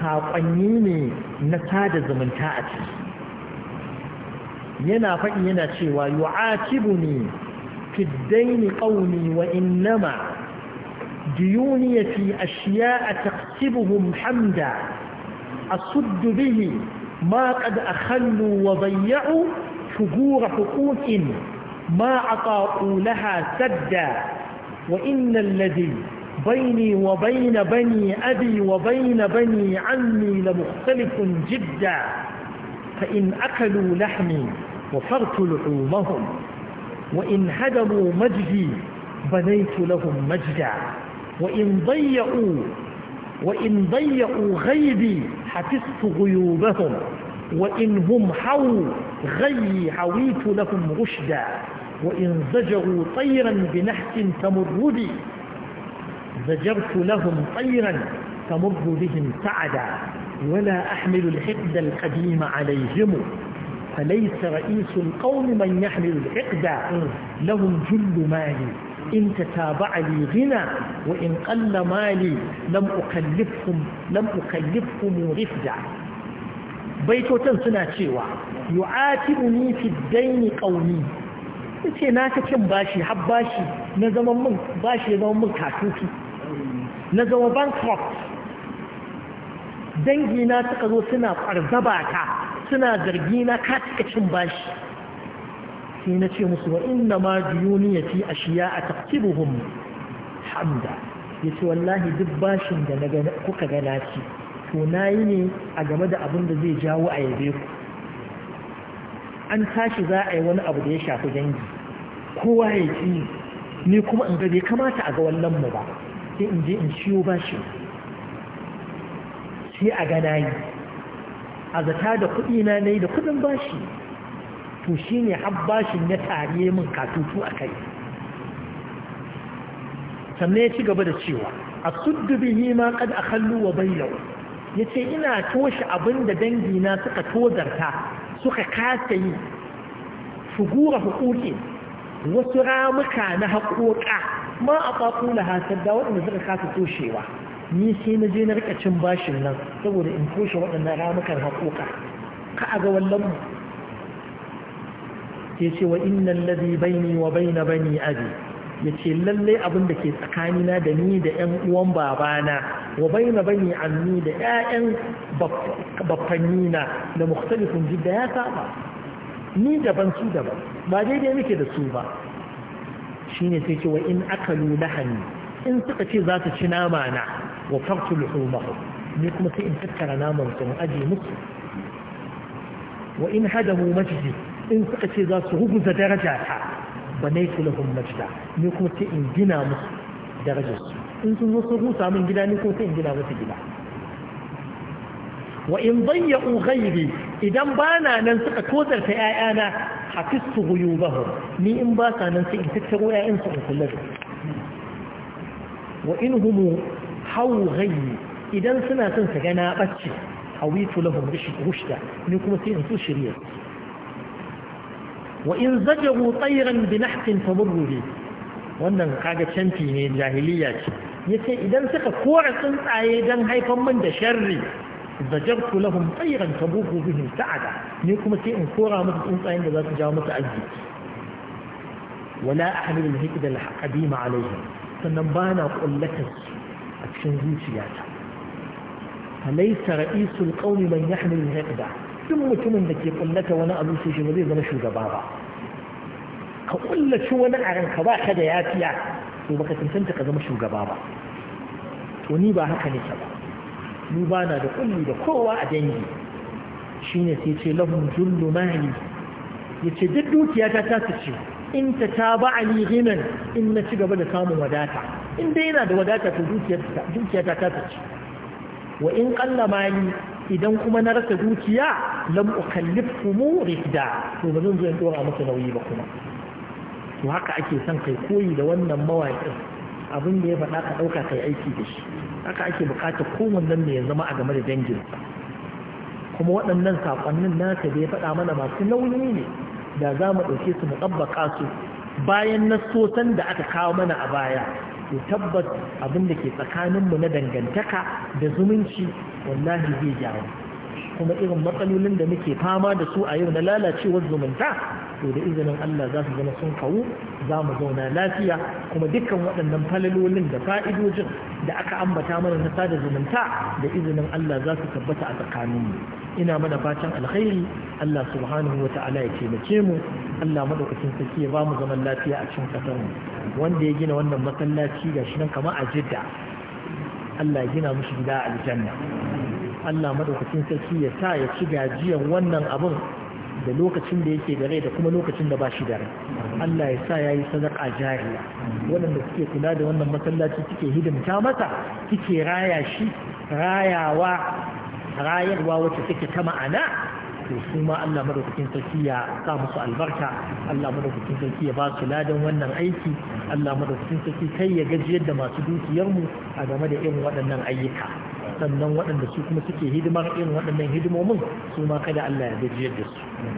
saƙonni ne na sada zumunta a ciki yana faɗi yana cewa yu'atibu ne fiddaini ƙauni wa innama ديوني في أشياء تقسبهم حمدا أصد به ما قد أخلوا وضيعوا شجور حقوق ما أطاقوا لها سدا وإن الذي بيني وبين بني أبي وبين بني عمي لمختلف جدا فإن أكلوا لحمي وفرت لحومهم وإن هدموا مجدي بنيت لهم مجدا وإن ضيعوا وإن ضيعوا غيبي حفظت غيوبهم وإن هم حو غي حويت لهم رشدا وإن زجروا طيرا بنحس تمر بي زجرت لهم طيرا تمر بهم سعدا ولا أحمل الحقد القديم عليهم فليس رئيس القوم من يحمل الحقد لهم جل مالي إن تتابع لي غنى وإن قل مالي لم أكلفكم لم أكلفكم رفدا baitotan suna cewa yu'atibuni fi daini qaumi yace na ta cin bashi har bashi na zaman mun bashi ya zama mun katuki na zaman bankrupt dangi na suka zo suna kwarzaba ta suna zargi na ka cika cin bashi sai na ce musu wa inna ma ya ashiya a taqtibuhum hamda yace wallahi duk bashin da naga kuka ga naci to nayi ne a game da abin da zai jawo a yabe ku an tashi za a yi wani abu da ya shafi dangi kowa ya ki ni kuma in ga bai kamata a ga wannan mu ba sai in je in ciyo bashi sai a ga nayi a zata da kuɗi na nayi da kuɗin bashi to shi ne habbashin ya tare min katutu a kai sannan ya ci gaba da cewa a ne ma kad a kallu wa bayyau ya ce ina toshe abin da dangina suka tozarta suka kasa yi shugura hukuki wasu ramuka na haƙoƙa ma a ƙaƙula hasar da waɗanda suka kasa toshewa ni sai na je na rika cin bashin nan saboda in toshe waɗannan ramukan haƙoƙa ka a ga wallon sai ce wa innan bai ni wa bai na ni aji. Ya ce lalle abin da ke tsakanina da ni da 'yan uwan babana wa bai na baina bani anni da ƴaƴan baffannina da mukhtalifun da ya saba ni daban su daban ba daidai muke da su ba Shi ne sai ce wa in aka akalu lahani in suka ce za su ci nama na wa fartu luhumahu ni kuma sai in tattara naman su aje musu wa in hada hadamu masjid in suka ce za su ruguza daraja ta ba na yi lahum majda ni kuma ce in gina musu darajar su in sun zo sun rusa min gida ni kuma sai in gina musu gida wa in dayya'u ghairi idan ba na nan suka ta ƴaƴana hafistu ghuyubahum ni in ba sa nan sai in tattaro ƴaƴan su in kula da wa in hum haw ghairi idan suna son su gana bacci hawitu lahum rushda ni kuma sai in su shirye wain in zajaru tsairan bi nahqin wannan kaga canfi ne jahiliya ce yace idan suka kora tsuntsaye dan haifan min da sharri zajartu lahum tsairan tabuhu bihim sa'ada ni kuma sai in kora musu tsuntsayen da za su jawo musu arziki wala ahmilu al-hikd al-qadim alaihim sannan bana kullatar a cikin zuciyata alaysa ra'isul qawmi man yahmilu hikda duk mutumin da ke kullata wani abu sai shi ba zai zama shugaba ba ka kullace wani a ranka ba ka da yafiya to baka tantance ka zama shugaba ba to ni ba haka nake ba ni ba na da kulli da kowa a dangi shine sai ce lahum jullu mali yace duk dukiyata ta ta ce in ta taba ali ghinan in na ci gaba da samun wadata in dai yana da wadata to dukiyata ta ta ce wa in qalla mali idan kuma na rasa dukiya lam ukallifumu rifda to ba zan zo in dora masa nauyi ba kuma to haka ake son kai koyi da wannan mawaƙin abin da ya faɗa ka ɗauka kai aiki da shi haka ake buƙatar nan ne ya zama a game da danginsa kuma waɗannan saƙonnin nasa da ya faɗa mana masu nauyi ne da za mu ɗauke su mu ɗabbaka su bayan nassosan da aka kawo mana a baya to tabbat abin da ke tsakaninmu na dangantaka da zumunci wallahi zai jawo kuma irin matsalolin da muke fama da su a yau na lalacewar zumunta to da izinin Allah za su zama sun kawu za mu zauna lafiya kuma dukkan waɗannan falalolin da fa'idojin da aka ambata mana na sada zumunta da izinin Allah za su tabbata a tsakaninmu ina mana fatan alkhairi Allah subhanahu wa ta'ala ya taimake mu Allah madaukakin sarki ya ba mu zaman lafiya a cikin kasar mu wanda ya gina wannan masallaci gashi nan kamar a jidda Allah ya gina mushi gida a aljanna Allah madaukakin sarki ya sa ya ci gajiyar wannan abun da lokacin da yake da rai da kuma lokacin da ba shi da rai Allah ya sa ya yi sadaka jariya waɗanda suke kula da wannan masallaci suke hidimta masa, suke raya shi rayawa rayarwa wacce take ta ma'ana to su ma Allah madaukakin sarki ya sa musu albarka Allah madaukakin sarki ya ba su ladan wannan aiki Allah madaukakin sarki kai ya gajiyar da masu dukiyarmu a game da irin waɗannan ayyuka sannan waɗanda su kuma suke hidimar irin waɗannan hidimomin su ma kada Allah ya gajiyar yadda su